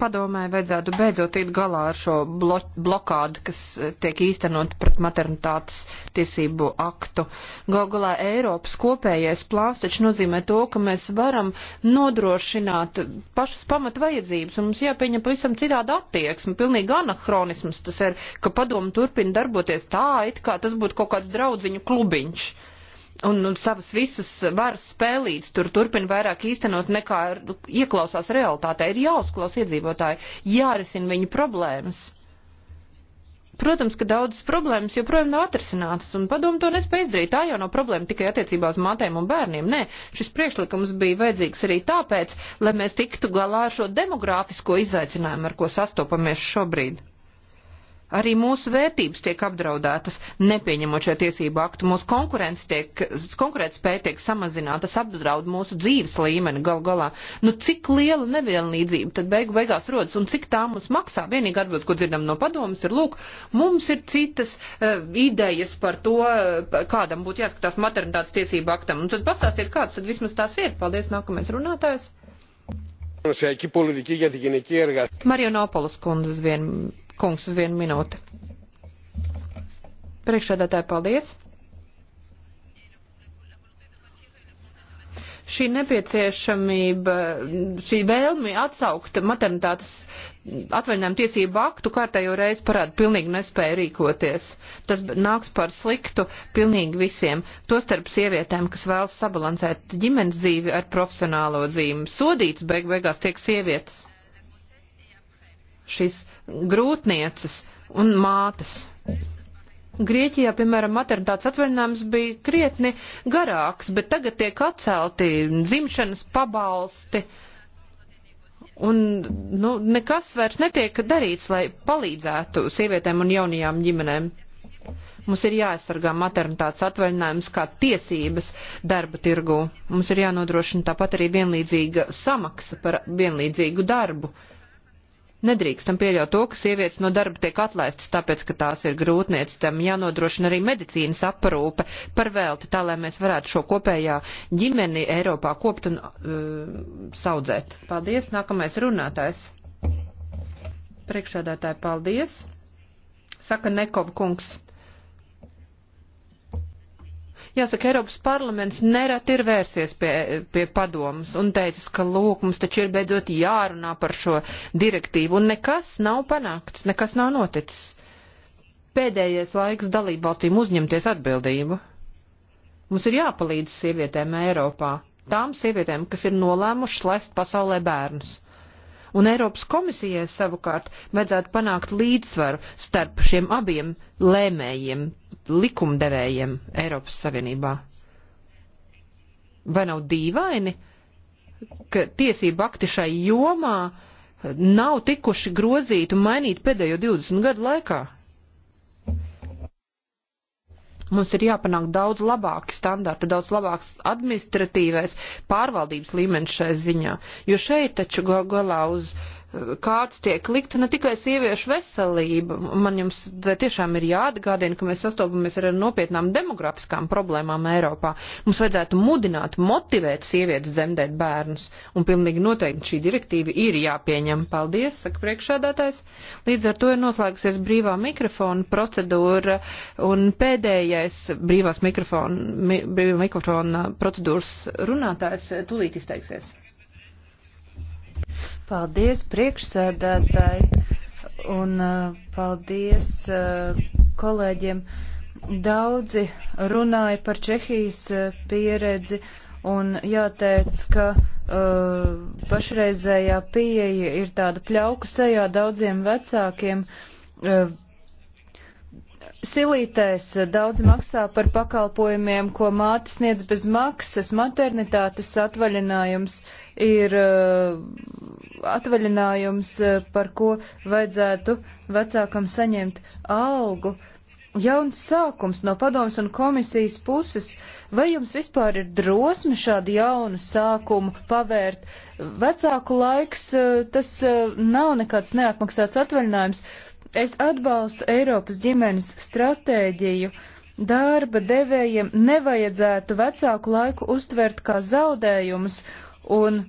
padomē vajadzētu beidzot iet galā ar šo blo blokādu, kas eh, tiek īstenot pret maternitātes tiesību aktu. Gaugulā Eiropas kopējais plāns taču nozīmē to, ka mēs varam nodrošināt pašas pamat vajadzības un mums jāpieņem pavisam citāda attieksme, pilnīgi anahronisms tas ir, ka padomu turpina darboties tā, it kā tas būtu kaut kāds draudziņu klubiņš un, un savas visas varas spēlītas tur turpina vairāk īstenot nekā ieklausās realitātē. Ir jāuzklaus iedzīvotāji, jārisina viņu problēmas. Protams, ka daudzas problēmas joprojām nav atrisinātas, un padomu to nespēja izdarīt. Tā jau nav problēma tikai attiecībā uz mātēm un bērniem. Nē, šis priekšlikums bija vajadzīgs arī tāpēc, lai mēs tiktu galā ar šo demogrāfisko izaicinājumu, ar ko sastopamies šobrīd arī mūsu vērtības tiek apdraudētas, nepieņemot šo tiesību aktu. Mūsu konkurence tiek, konkurētspēja tiek samazināta, tas apdraud mūsu dzīves līmeni gal galā. Nu, cik liela nevienlīdzība tad beigu beigās rodas un cik tā mums maksā? Vienīgi atbild, ko dzirdam no padomas, ir, lūk, mums ir citas uh, idejas par to, uh, kādam būtu jāskatās maternitātes tiesību aktam. Un tad pastāstiet, kāds tad vismaz tās ir. Paldies, nākamais runātājs. Marionopolus kundze uz vienu kungs uz vienu minūti. Priekšsēdētāji, paldies! Šī nepieciešamība, šī vēlmi atsaukt maternitātes atvaļinājumu tiesību aktu kārtējo reizi parāda pilnīgi nespēju rīkoties. Tas nāks par sliktu pilnīgi visiem, tostarp sievietēm, kas vēlas sabalansēt ģimenes dzīvi ar profesionālo dzīvi. Sodīts beig beigās tiek sievietes šīs grūtnieces un mātes. Grieķijā, piemēram, maternitātes atvaļinājums bija krietni garāks, bet tagad tiek atcelti dzimšanas pabalsti. Un, nu, nekas vairs netiek darīts, lai palīdzētu sievietēm un jaunajām ģimenēm. Mums ir jāaizsargā maternitātes atvaļinājums kā tiesības darba tirgu. Mums ir jānodrošina tāpat arī vienlīdzīga samaksa par vienlīdzīgu darbu. Uh, Nedrīkstam pieļaut to, ka sievietes no darba tiek atlaistas, tāpēc, ka tās ir grūtniecas, tam jānodrošina arī medicīnas aprūpe par velti, tā lai mēs varētu šo kopējā ģimeni Eiropā kopt un uh, saudzēt. Paldies, nākamais runātājs. Priekšādātāji, paldies. Saka Nekov kungs. Jāsaka, Eiropas parlaments nerad ir vērsies pie, pie padomus un teicis, ka lūk, mums taču ir beidzot jārunā par šo direktīvu, un nekas nav panākts, nekas nav noticis. Pēdējais laiks dalībvalstīm uzņemties atbildību. Mums ir jāpalīdz sievietēm Eiropā, tām sievietēm, kas ir nolēmušas laist pasaulē bērnus un Eiropas komisijai savukārt vajadzētu panākt līdzsvaru starp šiem abiem lēmējiem likumdevējiem Eiropas Savienībā. Vai nav dīvaini, ka tiesība akti šai jomā nav tikuši grozīti un mainīti pēdējo 20 gadu laikā? Mums ir jāpanāk daudz labāki standarti, daudz labāks administratīvais pārvaldības līmenis šai ziņā, jo šeit taču gal galā uz uh, kārts tiek likta ne tikai sieviešu veselība. Man jums tiešām ir jāatgādina, ka mēs sastopamies ar nopietnām demografiskām problēmām Eiropā. Mums vajadzētu mudināt, motivēt sievietes dzemdēt bērnus. Un pilnīgi noteikti šī direktīva ir jāpieņem. Paldies, saka priekšādātājs. Līdz ar to ir noslēgusies brīvā mikrofona procedūra un pēdējais brīvās mikrofona, mi, brīvā mikrofona procedūras runātājs tūlīt izteiksies. Paldies priekšsēdētāji un uh, paldies uh, kolēģiem. Daudzi runāja par Čehijas uh, pieredzi un jāteic, ka uh, pašreizējā pieeja ir tāda pļauka sejā daudziem vecākiem. Uh, Silītēs daudz maksā par pakalpojumiem, ko māte sniedz bez maksas. Maternitātes atvaļinājums ir uh, atvaļinājums, eh, par ko vajadzētu vecākam saņemt algu. Jauns sākums no padomas un komisijas puses. Vai jums vispār ir drosme šādu jaunu sākumu pavērt? Vecāku laiks eh, tas eh, nav nekāds neapmaksāts atvaļinājums. Es atbalstu Eiropas ģimenes stratēģiju. Darba devējiem nevajadzētu vecāku laiku uztvert kā zaudējumus un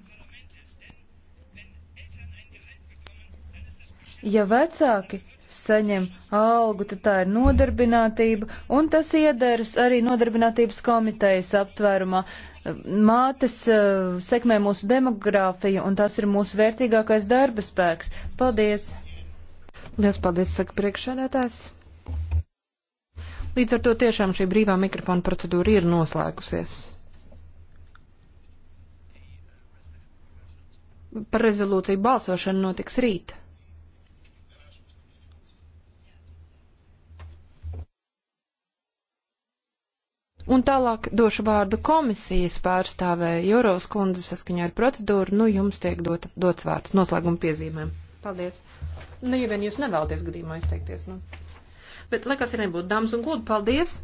Ja vecāki saņem algu, tad tā ir nodarbinātība, un tas iedars arī nodarbinātības komitejas aptvērumā. Mātes uh, sekmē mūsu demogrāfiju, un tas ir mūsu vērtīgākais darba spēks. Paldies! Lielas paldies, saka priekšsēdētājs. Līdz ar to tiešām šī brīvā mikrofona procedūra ir noslēgusies. Par rezolūciju balsošana notiks rīt. Un tālāk došu vārdu komisijas pārstāvēja Joros kundze saskaņā ar procedūru. Nu, jums tiek dot, dots vārds noslēguma piezīmēm. Paldies. Nu, ja vien jūs nevēlaties gadījumā izteikties, nu. Bet, lai kas ir nebūtu, dāmas un gūdu, paldies.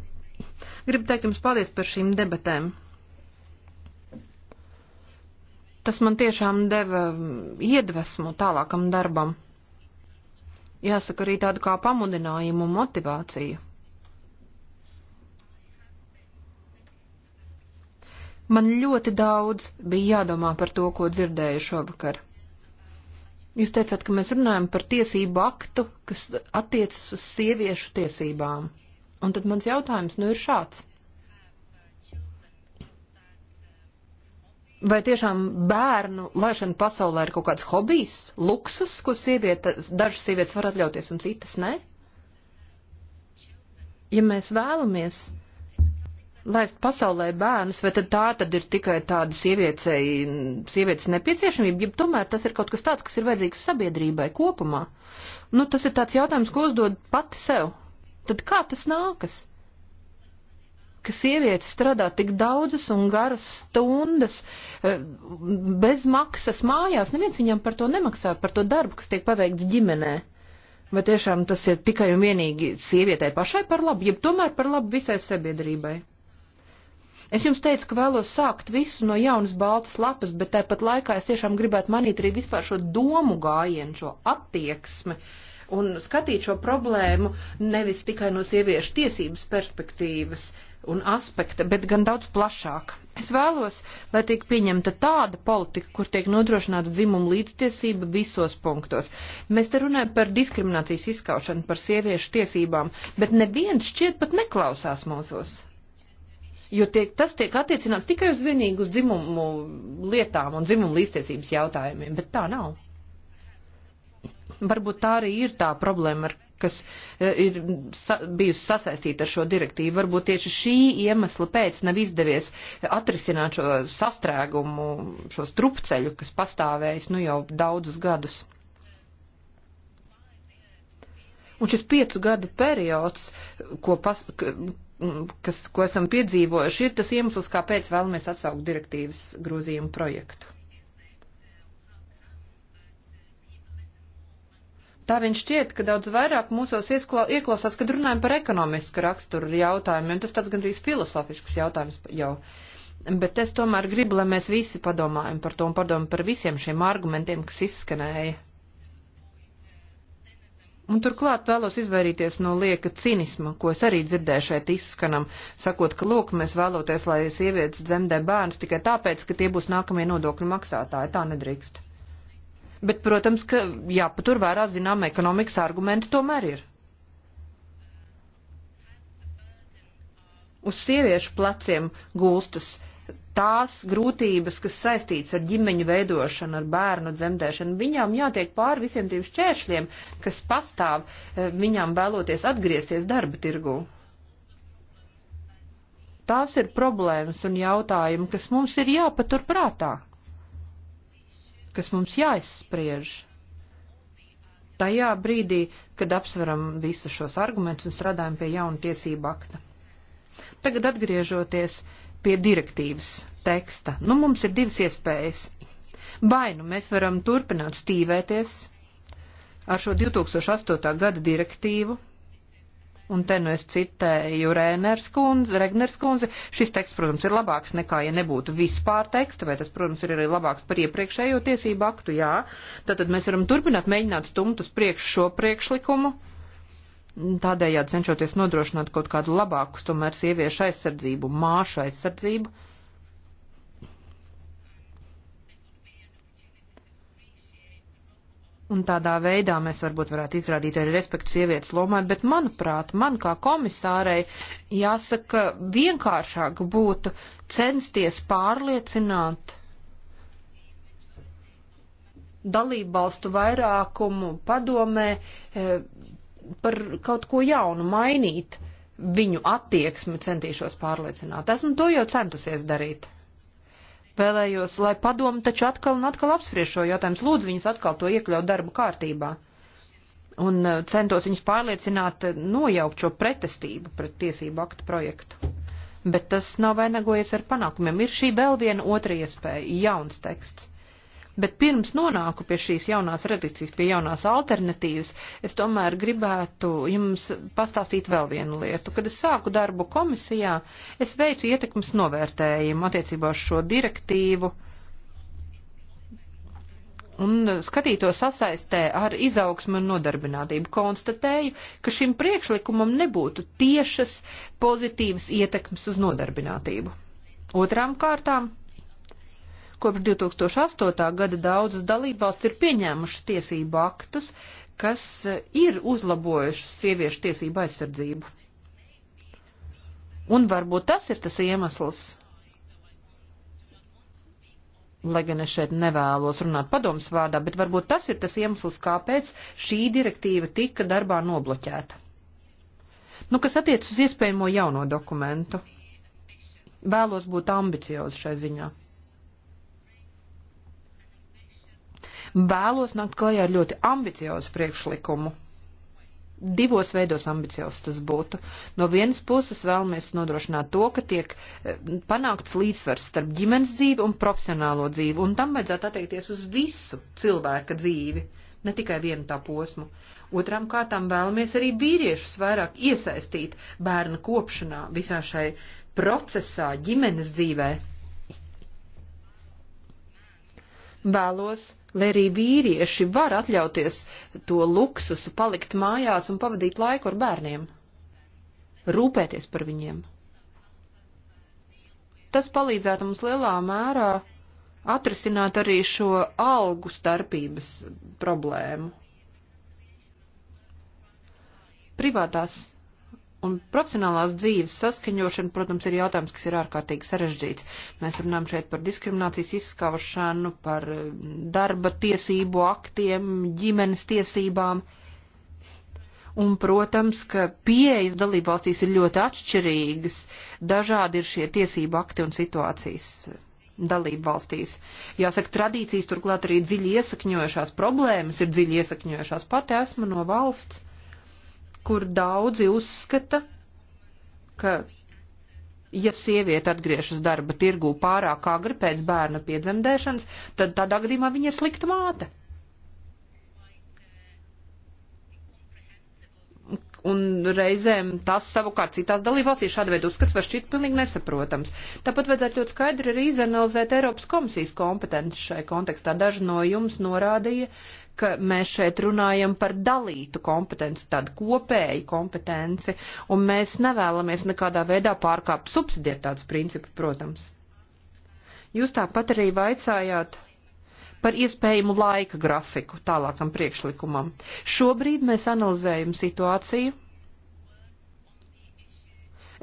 Gribu teikt jums paldies par šīm debatēm. Tas man tiešām deva iedvesmu tālākam darbam. Jāsaka arī tādu kā pamudinājumu un motivāciju. Man ļoti daudz bija jādomā par to, ko dzirdēju šovakar. Jūs teicāt, ka mēs runājam par tiesību aktu, kas attiecas uz sieviešu tiesībām. Un tad mans jautājums nu ir šāds. Vai tiešām bērnu laišana pasaulē ir kaut kāds hobijs, luksus, ko sievietes, dažas sievietes var atļauties un citas nē? Ja mēs vēlamies laist pasaulē bērnus, vai tad tā tad ir tikai tāda sievietei, sievietes nepieciešamība, ja tomēr tas ir kaut kas tāds, kas ir vajadzīgs sabiedrībai kopumā. Nu, tas ir tāds jautājums, ko uzdod pati sev. Tad kā tas nākas? Ka sievietes strādā tik daudzas un garas stundas eh, bez maksas mājās, neviens viņam par to nemaksā, par to darbu, kas tiek paveikts ģimenē. Vai tiešām tas ir tikai un vienīgi sievietei pašai par labu, jeb tomēr par labu visai sabiedrībai? Es jums teicu, ka vēlos sākt visu no jaunas baltas lapas, bet tāpat laikā es tiešām gribētu manīt arī vispār šo domu gājienu, šo attieksmi un skatīt šo problēmu nevis tikai no sieviešu tiesības perspektīvas un aspekta, bet gan daudz plašāk. Es vēlos, lai tiek pieņemta tāda politika, kur tiek nodrošināta dzimuma līdztiesība visos punktos. Mēs te runājam par diskriminācijas izskaušanu, par sieviešu tiesībām, bet neviens šķiet pat neklausās mūsos jo tiek, tas tiek attiecināts tikai uz vienīgu uz dzimumu lietām un dzimumu līdztiesības jautājumiem, bet tā nav. Varbūt tā arī ir tā problēma, ar, kas e, ir sa, bijusi sasaistīta ar šo direktīvu. Varbūt tieši šī iemesla pēc nav izdevies atrisināt šo sastrēgumu, šo strupceļu, kas pastāvējis nu jau daudzus gadus. Un šis piecu gadu periods, ko pas, Mm, kas, ko esam piedzīvojuši, ir tas iemesls, kāpēc vēlamies atsaukt direktīvas grozījumu projektu. Tā viņš šķiet, ka daudz vairāk mūsos ieklausās, kad runājam par ekonomisku raksturu jautājumiem. Tas tāds gandrīz filosofisks jautājums jau. Bet es tomēr gribu, lai mēs visi padomājam par to un padomājam par visiem šiem argumentiem, kas izskanēja. Un turklāt vēlos izvairīties no lieka cinisma, ko es arī dzirdēju šeit izskanam, sakot, ka lūk, mēs vēloties, lai sievietes dzemdē bērnus tikai tāpēc, ka tie būs nākamie nodokļu maksātāji. Tā nedrīkst. Bet, protams, ka jāpatur vērā zinām ekonomikas argumenti tomēr ir. Uz sieviešu pleciem gulstas tās grūtības, kas saistīts ar ģimeņu veidošanu, ar bērnu dzemdēšanu. Viņām jātiek pāri visiem tiem šķēršļiem, kas pastāv eh, viņām vēloties atgriezties darba tirgū. Tās ir problēmas un jautājumi, kas mums ir jāpatur prātā, kas mums jāizspriež. Tajā brīdī, kad apsveram visus šos argumentus un strādājam pie jauna tiesība akta. Tagad atgriežoties pie direktīvas teksta. Nu, mums ir divas iespējas. Vai nu mēs varam turpināt stīvēties ar šo 2008. gada direktīvu, un te nu es citēju Rēners kundzi, Regners kundzi, šis teksts, protams, ir labāks nekā, ja nebūtu vispār teksta, vai tas, protams, ir arī labāks par iepriekšējo tiesību aktu, jā. Tātad mēs varam turpināt mēģināt stumt uz priekšu šo priekšlikumu, tādējādi cenšoties nodrošināt kaut kādu labāku, tomēr sieviešu aizsardzību, māšu aizsardzību. Un tādā veidā mēs varbūt varētu izrādīt arī respektu sievietes lomai, bet manuprāt, man kā komisārei jāsaka, vienkāršāk būtu censties pārliecināt dalībvalstu vairākumu padomē eh, par kaut ko jaunu mainīt viņu attieksmi, centīšos pārliecināt. Esmu to jau centusies darīt. Vēlējos, lai padomu taču atkal un atkal apspriež šo jautājumu. Lūdzu, viņus atkal to iekļaut darba kārtībā. Un uh, centos viņus pārliecināt, uh, nojaukt šo pretestību pret tiesību aktu projektu. Bet tas nav vainagojies ar panākumiem. Ir šī vēl viena otra iespēja, jauns teksts Bet pirms nonāku pie šīs jaunās redakcijas, pie jaunās alternatīvas, es tomēr gribētu jums pastāstīt vēl vienu lietu. Kad es sāku darbu komisijā, es veicu ietekmes novērtējumu attiecībā uz šo direktīvu un skatīto sasaistē ar izaugsmu un nodarbinātību, konstatēju, ka šim priekšlikumam nebūtu tiešas pozitīvas ietekmes uz nodarbinātību. Otrām kārtām Kopš 2008. gada daudzas dalībvalsts ir pieņēmušas tiesību aktus, kas e, ir uzlabojušas sieviešu tiesību aizsardzību. Un varbūt tas ir tas iemesls, lai gan es šeit nevēlos runāt padomas vārdā, bet varbūt tas ir tas iemesls, kāpēc šī direktīva tika darbā nobloķēta. Nu, kas attiec uz iespējamo jauno dokumentu. Vēlos būt ambiciozi šai ziņā. vēlos nākt klajā ar ļoti ambiciozu priekšlikumu. Divos veidos ambiciozs tas būtu. No vienas puses vēlamies nodrošināt to, ka tiek eh, panākts līdzsvars starp ģimenes dzīvi un profesionālo dzīvi, un tam vajadzētu attiekties uz visu cilvēka dzīvi, ne tikai vienu tā posmu. Otram kārtām vēlamies arī vīriešus vairāk iesaistīt bērnu kopšanā visā šai procesā ģimenes dzīvē Vēlos, lai arī vīrieši var atļauties to luksusu palikt mājās un pavadīt laiku ar bērniem, rūpēties par viņiem. Tas palīdzētu mums lielā mērā atrisināt arī šo algu starpības problēmu. Privātās un profesionālās dzīves saskaņošana, protams, ir jautājums, kas ir ārkārtīgi sarežģīts. Mēs runājam šeit par diskriminācijas izskaušanu, par mm, darba tiesību aktiem, ģimenes tiesībām. Un, protams, ka pieejas dalībvalstīs ir ļoti atšķirīgas, dažādi ir šie tiesību akti un situācijas dalībvalstīs. Jāsaka, tradīcijas turklāt arī dziļi iesakņojušās problēmas ir dziļi iesakņojušās. Pati esmu no valsts kur daudzi uzskata, ka, ja sieviete atgriežas darba tirgū pārāk agri pēc bērna piedzemdēšanas, tad tādā gadījumā viņa ir slikta māte. Un reizēm tas savukārt citās dalībvalstīs šāda veida uzskats var šķiet pilnīgi nesaprotams. Tāpat vajadzētu ļoti skaidri arī izanalizēt Eiropas komisijas kompetenci šai kontekstā. Daži no jums norādīja, ka mēs šeit runājam par dalītu kompetenci, tādu kopēju kompetenci, un mēs nevēlamies nekādā veidā pārkāpt subsidiertāts principu, protams. Jūs tāpat arī vaicājāt par iespējamu laika grafiku tālākam priekšlikumam. Šobrīd mēs analizējam situāciju.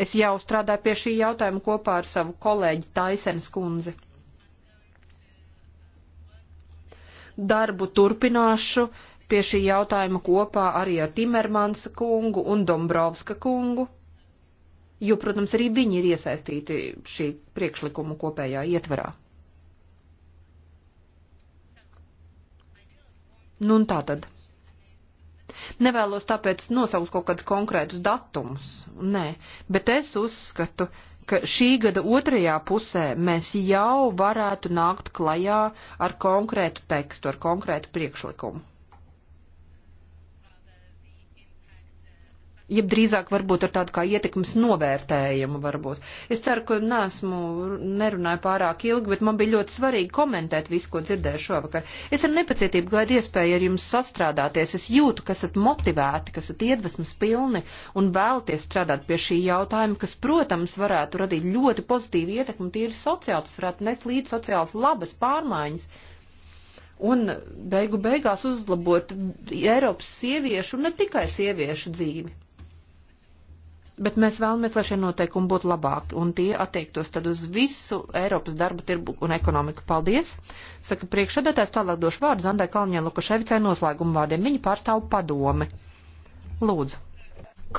Es jau strādāju pie šī jautājuma kopā ar savu kolēģi Taisens kundzi. darbu turpināšu pie šī jautājuma kopā arī ar Timermansa kungu un Dombrovska kungu, jo, protams, arī viņi ir iesaistīti šī priekšlikuma kopējā ietverā. Nu un tā tad. Nevēlos tāpēc nosaukt kaut kādus konkrētus datumus, nē, bet es uzskatu, ka šī gada otrajā pusē mēs jau varētu nākt klajā ar konkrētu tekstu, ar konkrētu priekšlikumu. jeb drīzāk varbūt ar tādu kā ietekmes novērtējumu varbūt. Es ceru, ka nesmu, nerunāju pārāk ilgi, bet man bija ļoti svarīgi komentēt visu, ko dzirdēju šovakar. Es ar nepacietību gaidu iespēju ar jums sastrādāties. Es jūtu, ka esat motivēti, ka esat iedvesmas pilni un vēlties strādāt pie šī jautājuma, kas, protams, varētu radīt ļoti pozitīvu ietekmi tīri sociāli, tas varētu nest līdz sociāls labas pārmaiņas un beigu beigās uzlabot Eiropas sieviešu, ne tikai sieviešu dzīvi. Bet mēs vēlamies, lai šie noteikumi būtu labāki, un tie attiektos tad uz visu Eiropas darba tirgu un ekonomiku. Paldies! Saka priekšsēdētājs tālāk došu vārdu Zandai Kalņē Lukaševicai noslēguma vārdiem. Viņa pārstāv padomi. Lūdzu.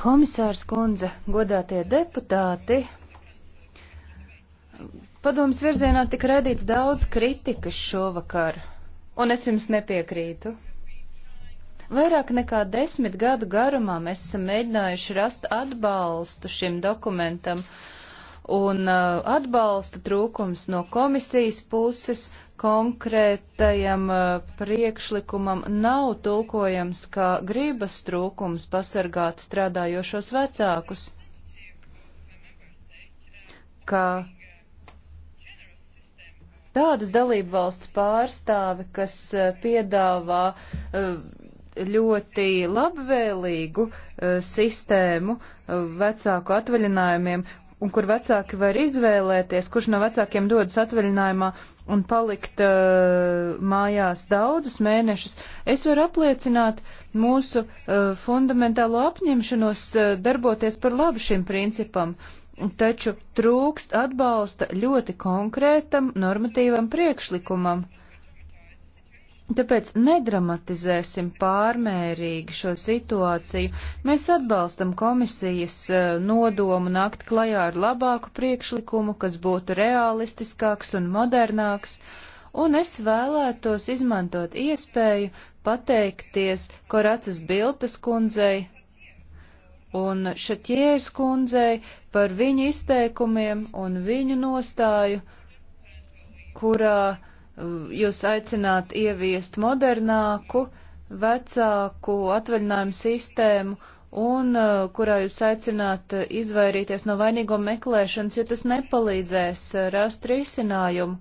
Komisārs kundze, godātie deputāti, padomas virzienā tika redīts daudz kritikas šovakar, un es jums nepiekrītu. Vairāk nekā desmit gadu garumā mēs esam mēģinājuši rast atbalstu šim dokumentam, un uh, atbalsta trūkums no komisijas puses konkrētajam uh, priekšlikumam nav tulkojams kā gribas trūkums pasargāt strādājošos vecākus ka tādas dalību valsts pārstāvi, kas uh, piedāvā uh, ļoti labvēlīgu uh, sistēmu uh, vecāku atvaļinājumiem, un kur vecāki var izvēlēties, kurš no vecākiem dodas atvaļinājumā un palikt uh, mājās daudzus mēnešus, es varu apliecināt mūsu uh, fundamentālo apņemšanos uh, darboties par labu šim principam, taču trūkst atbalsta ļoti konkrētam normatīvam priekšlikumam. Uh, Tāpēc nedramatizēsim pārmērīgi šo situāciju. Mēs atbalstam komisijas eh, nodomu nākt klajā ar labāku priekšlikumu, kas būtu realistiskāks un modernāks, un es vēlētos izmantot iespēju pateikties Koracas Biltas kundzei un Šatjēs kundzei par viņu izteikumiem un viņu nostāju, kurā jūs aicināt ieviest modernāku, vecāku atvaļinājumu sistēmu un uh, kurā jūs aicināt izvairīties no vainīgo meklēšanas, jo tas nepalīdzēs uh, rast risinājumu.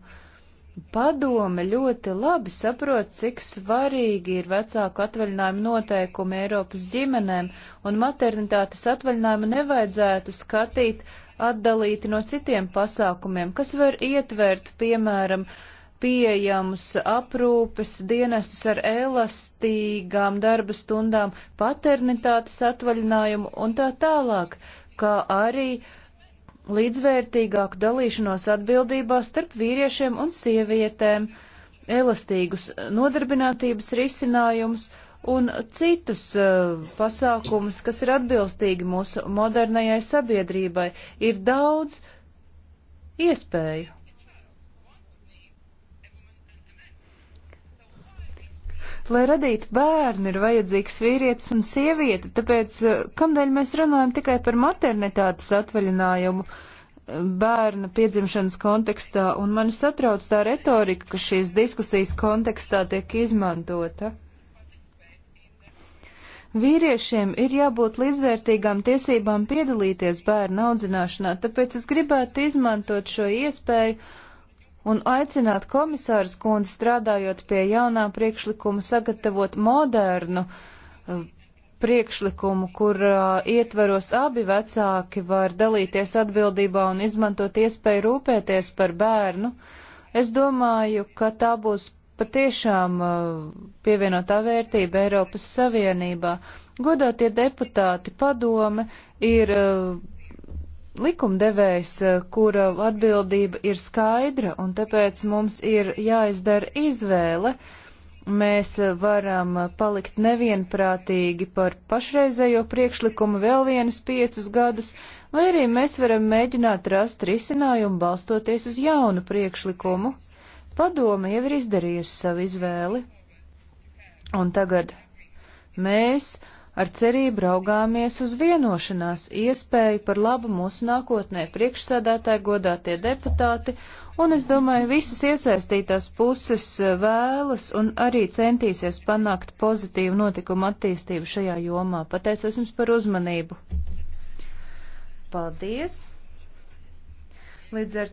Padome ļoti labi saprot, cik svarīgi ir vecāku atvaļinājumu noteikumi Eiropas ģimenēm, un maternitātes atvaļinājumu nevajadzētu skatīt atdalīti no citiem pasākumiem, kas var ietvert, piemēram, uh, pieejamus aprūpes dienestus ar elastīgām darba stundām, paternitātes atvaļinājumu un tā tālāk, kā arī līdzvērtīgāku dalīšanos atbildībā starp vīriešiem un sievietēm, elastīgus nodarbinātības risinājumus un citus uh, pasākumus, kas ir atbilstīgi mūsu modernajai sabiedrībai, ir daudz iespēju. Lai radītu bērnu, ir vajadzīgs vīrietis un sieviete, tāpēc eh, kamdēļ mēs runājam tikai par maternitātes atvaļinājumu eh, bērna piedzimšanas kontekstā, un mani satrauc tā retorika, kas šīs diskusijas kontekstā tiek izmantota. Vīriešiem ir jābūt līdzvērtīgām tiesībām piedalīties bērnu audzināšanā, tāpēc es gribētu izmantot šo iespēju un aicināt komisārs kundzi strādājot pie jaunā priekšlikuma sagatavot modernu uh, priekšlikumu, kur uh, ietveros abi vecāki var dalīties atbildībā un izmantot iespēju rūpēties par bērnu. Es domāju, ka tā būs patiešām uh, pievienotā vērtība Eiropas Savienībā. Godātie deputāti padome ir uh, likumdevējs, eh, kura atbildība ir skaidra, un tāpēc mums ir jāizdara izvēle. Mēs eh, varam palikt nevienprātīgi par pašreizējo priekšlikumu vēl vienus piecus gadus, vai arī mēs varam mēģināt rast risinājumu balstoties uz jaunu priekšlikumu. Padome jau ir izdarījusi savu izvēli. Un tagad mēs Ar cerību raugāmies uz vienošanās iespēju par labu mūsu nākotnē priekšsēdētāji godātie deputāti, un es domāju, visas iesaistītās puses eh, vēlas un arī centīsies panākt pozitīvu notikumu attīstību šajā jomā. Pateicos jums par uzmanību. Paldies! Līdz ar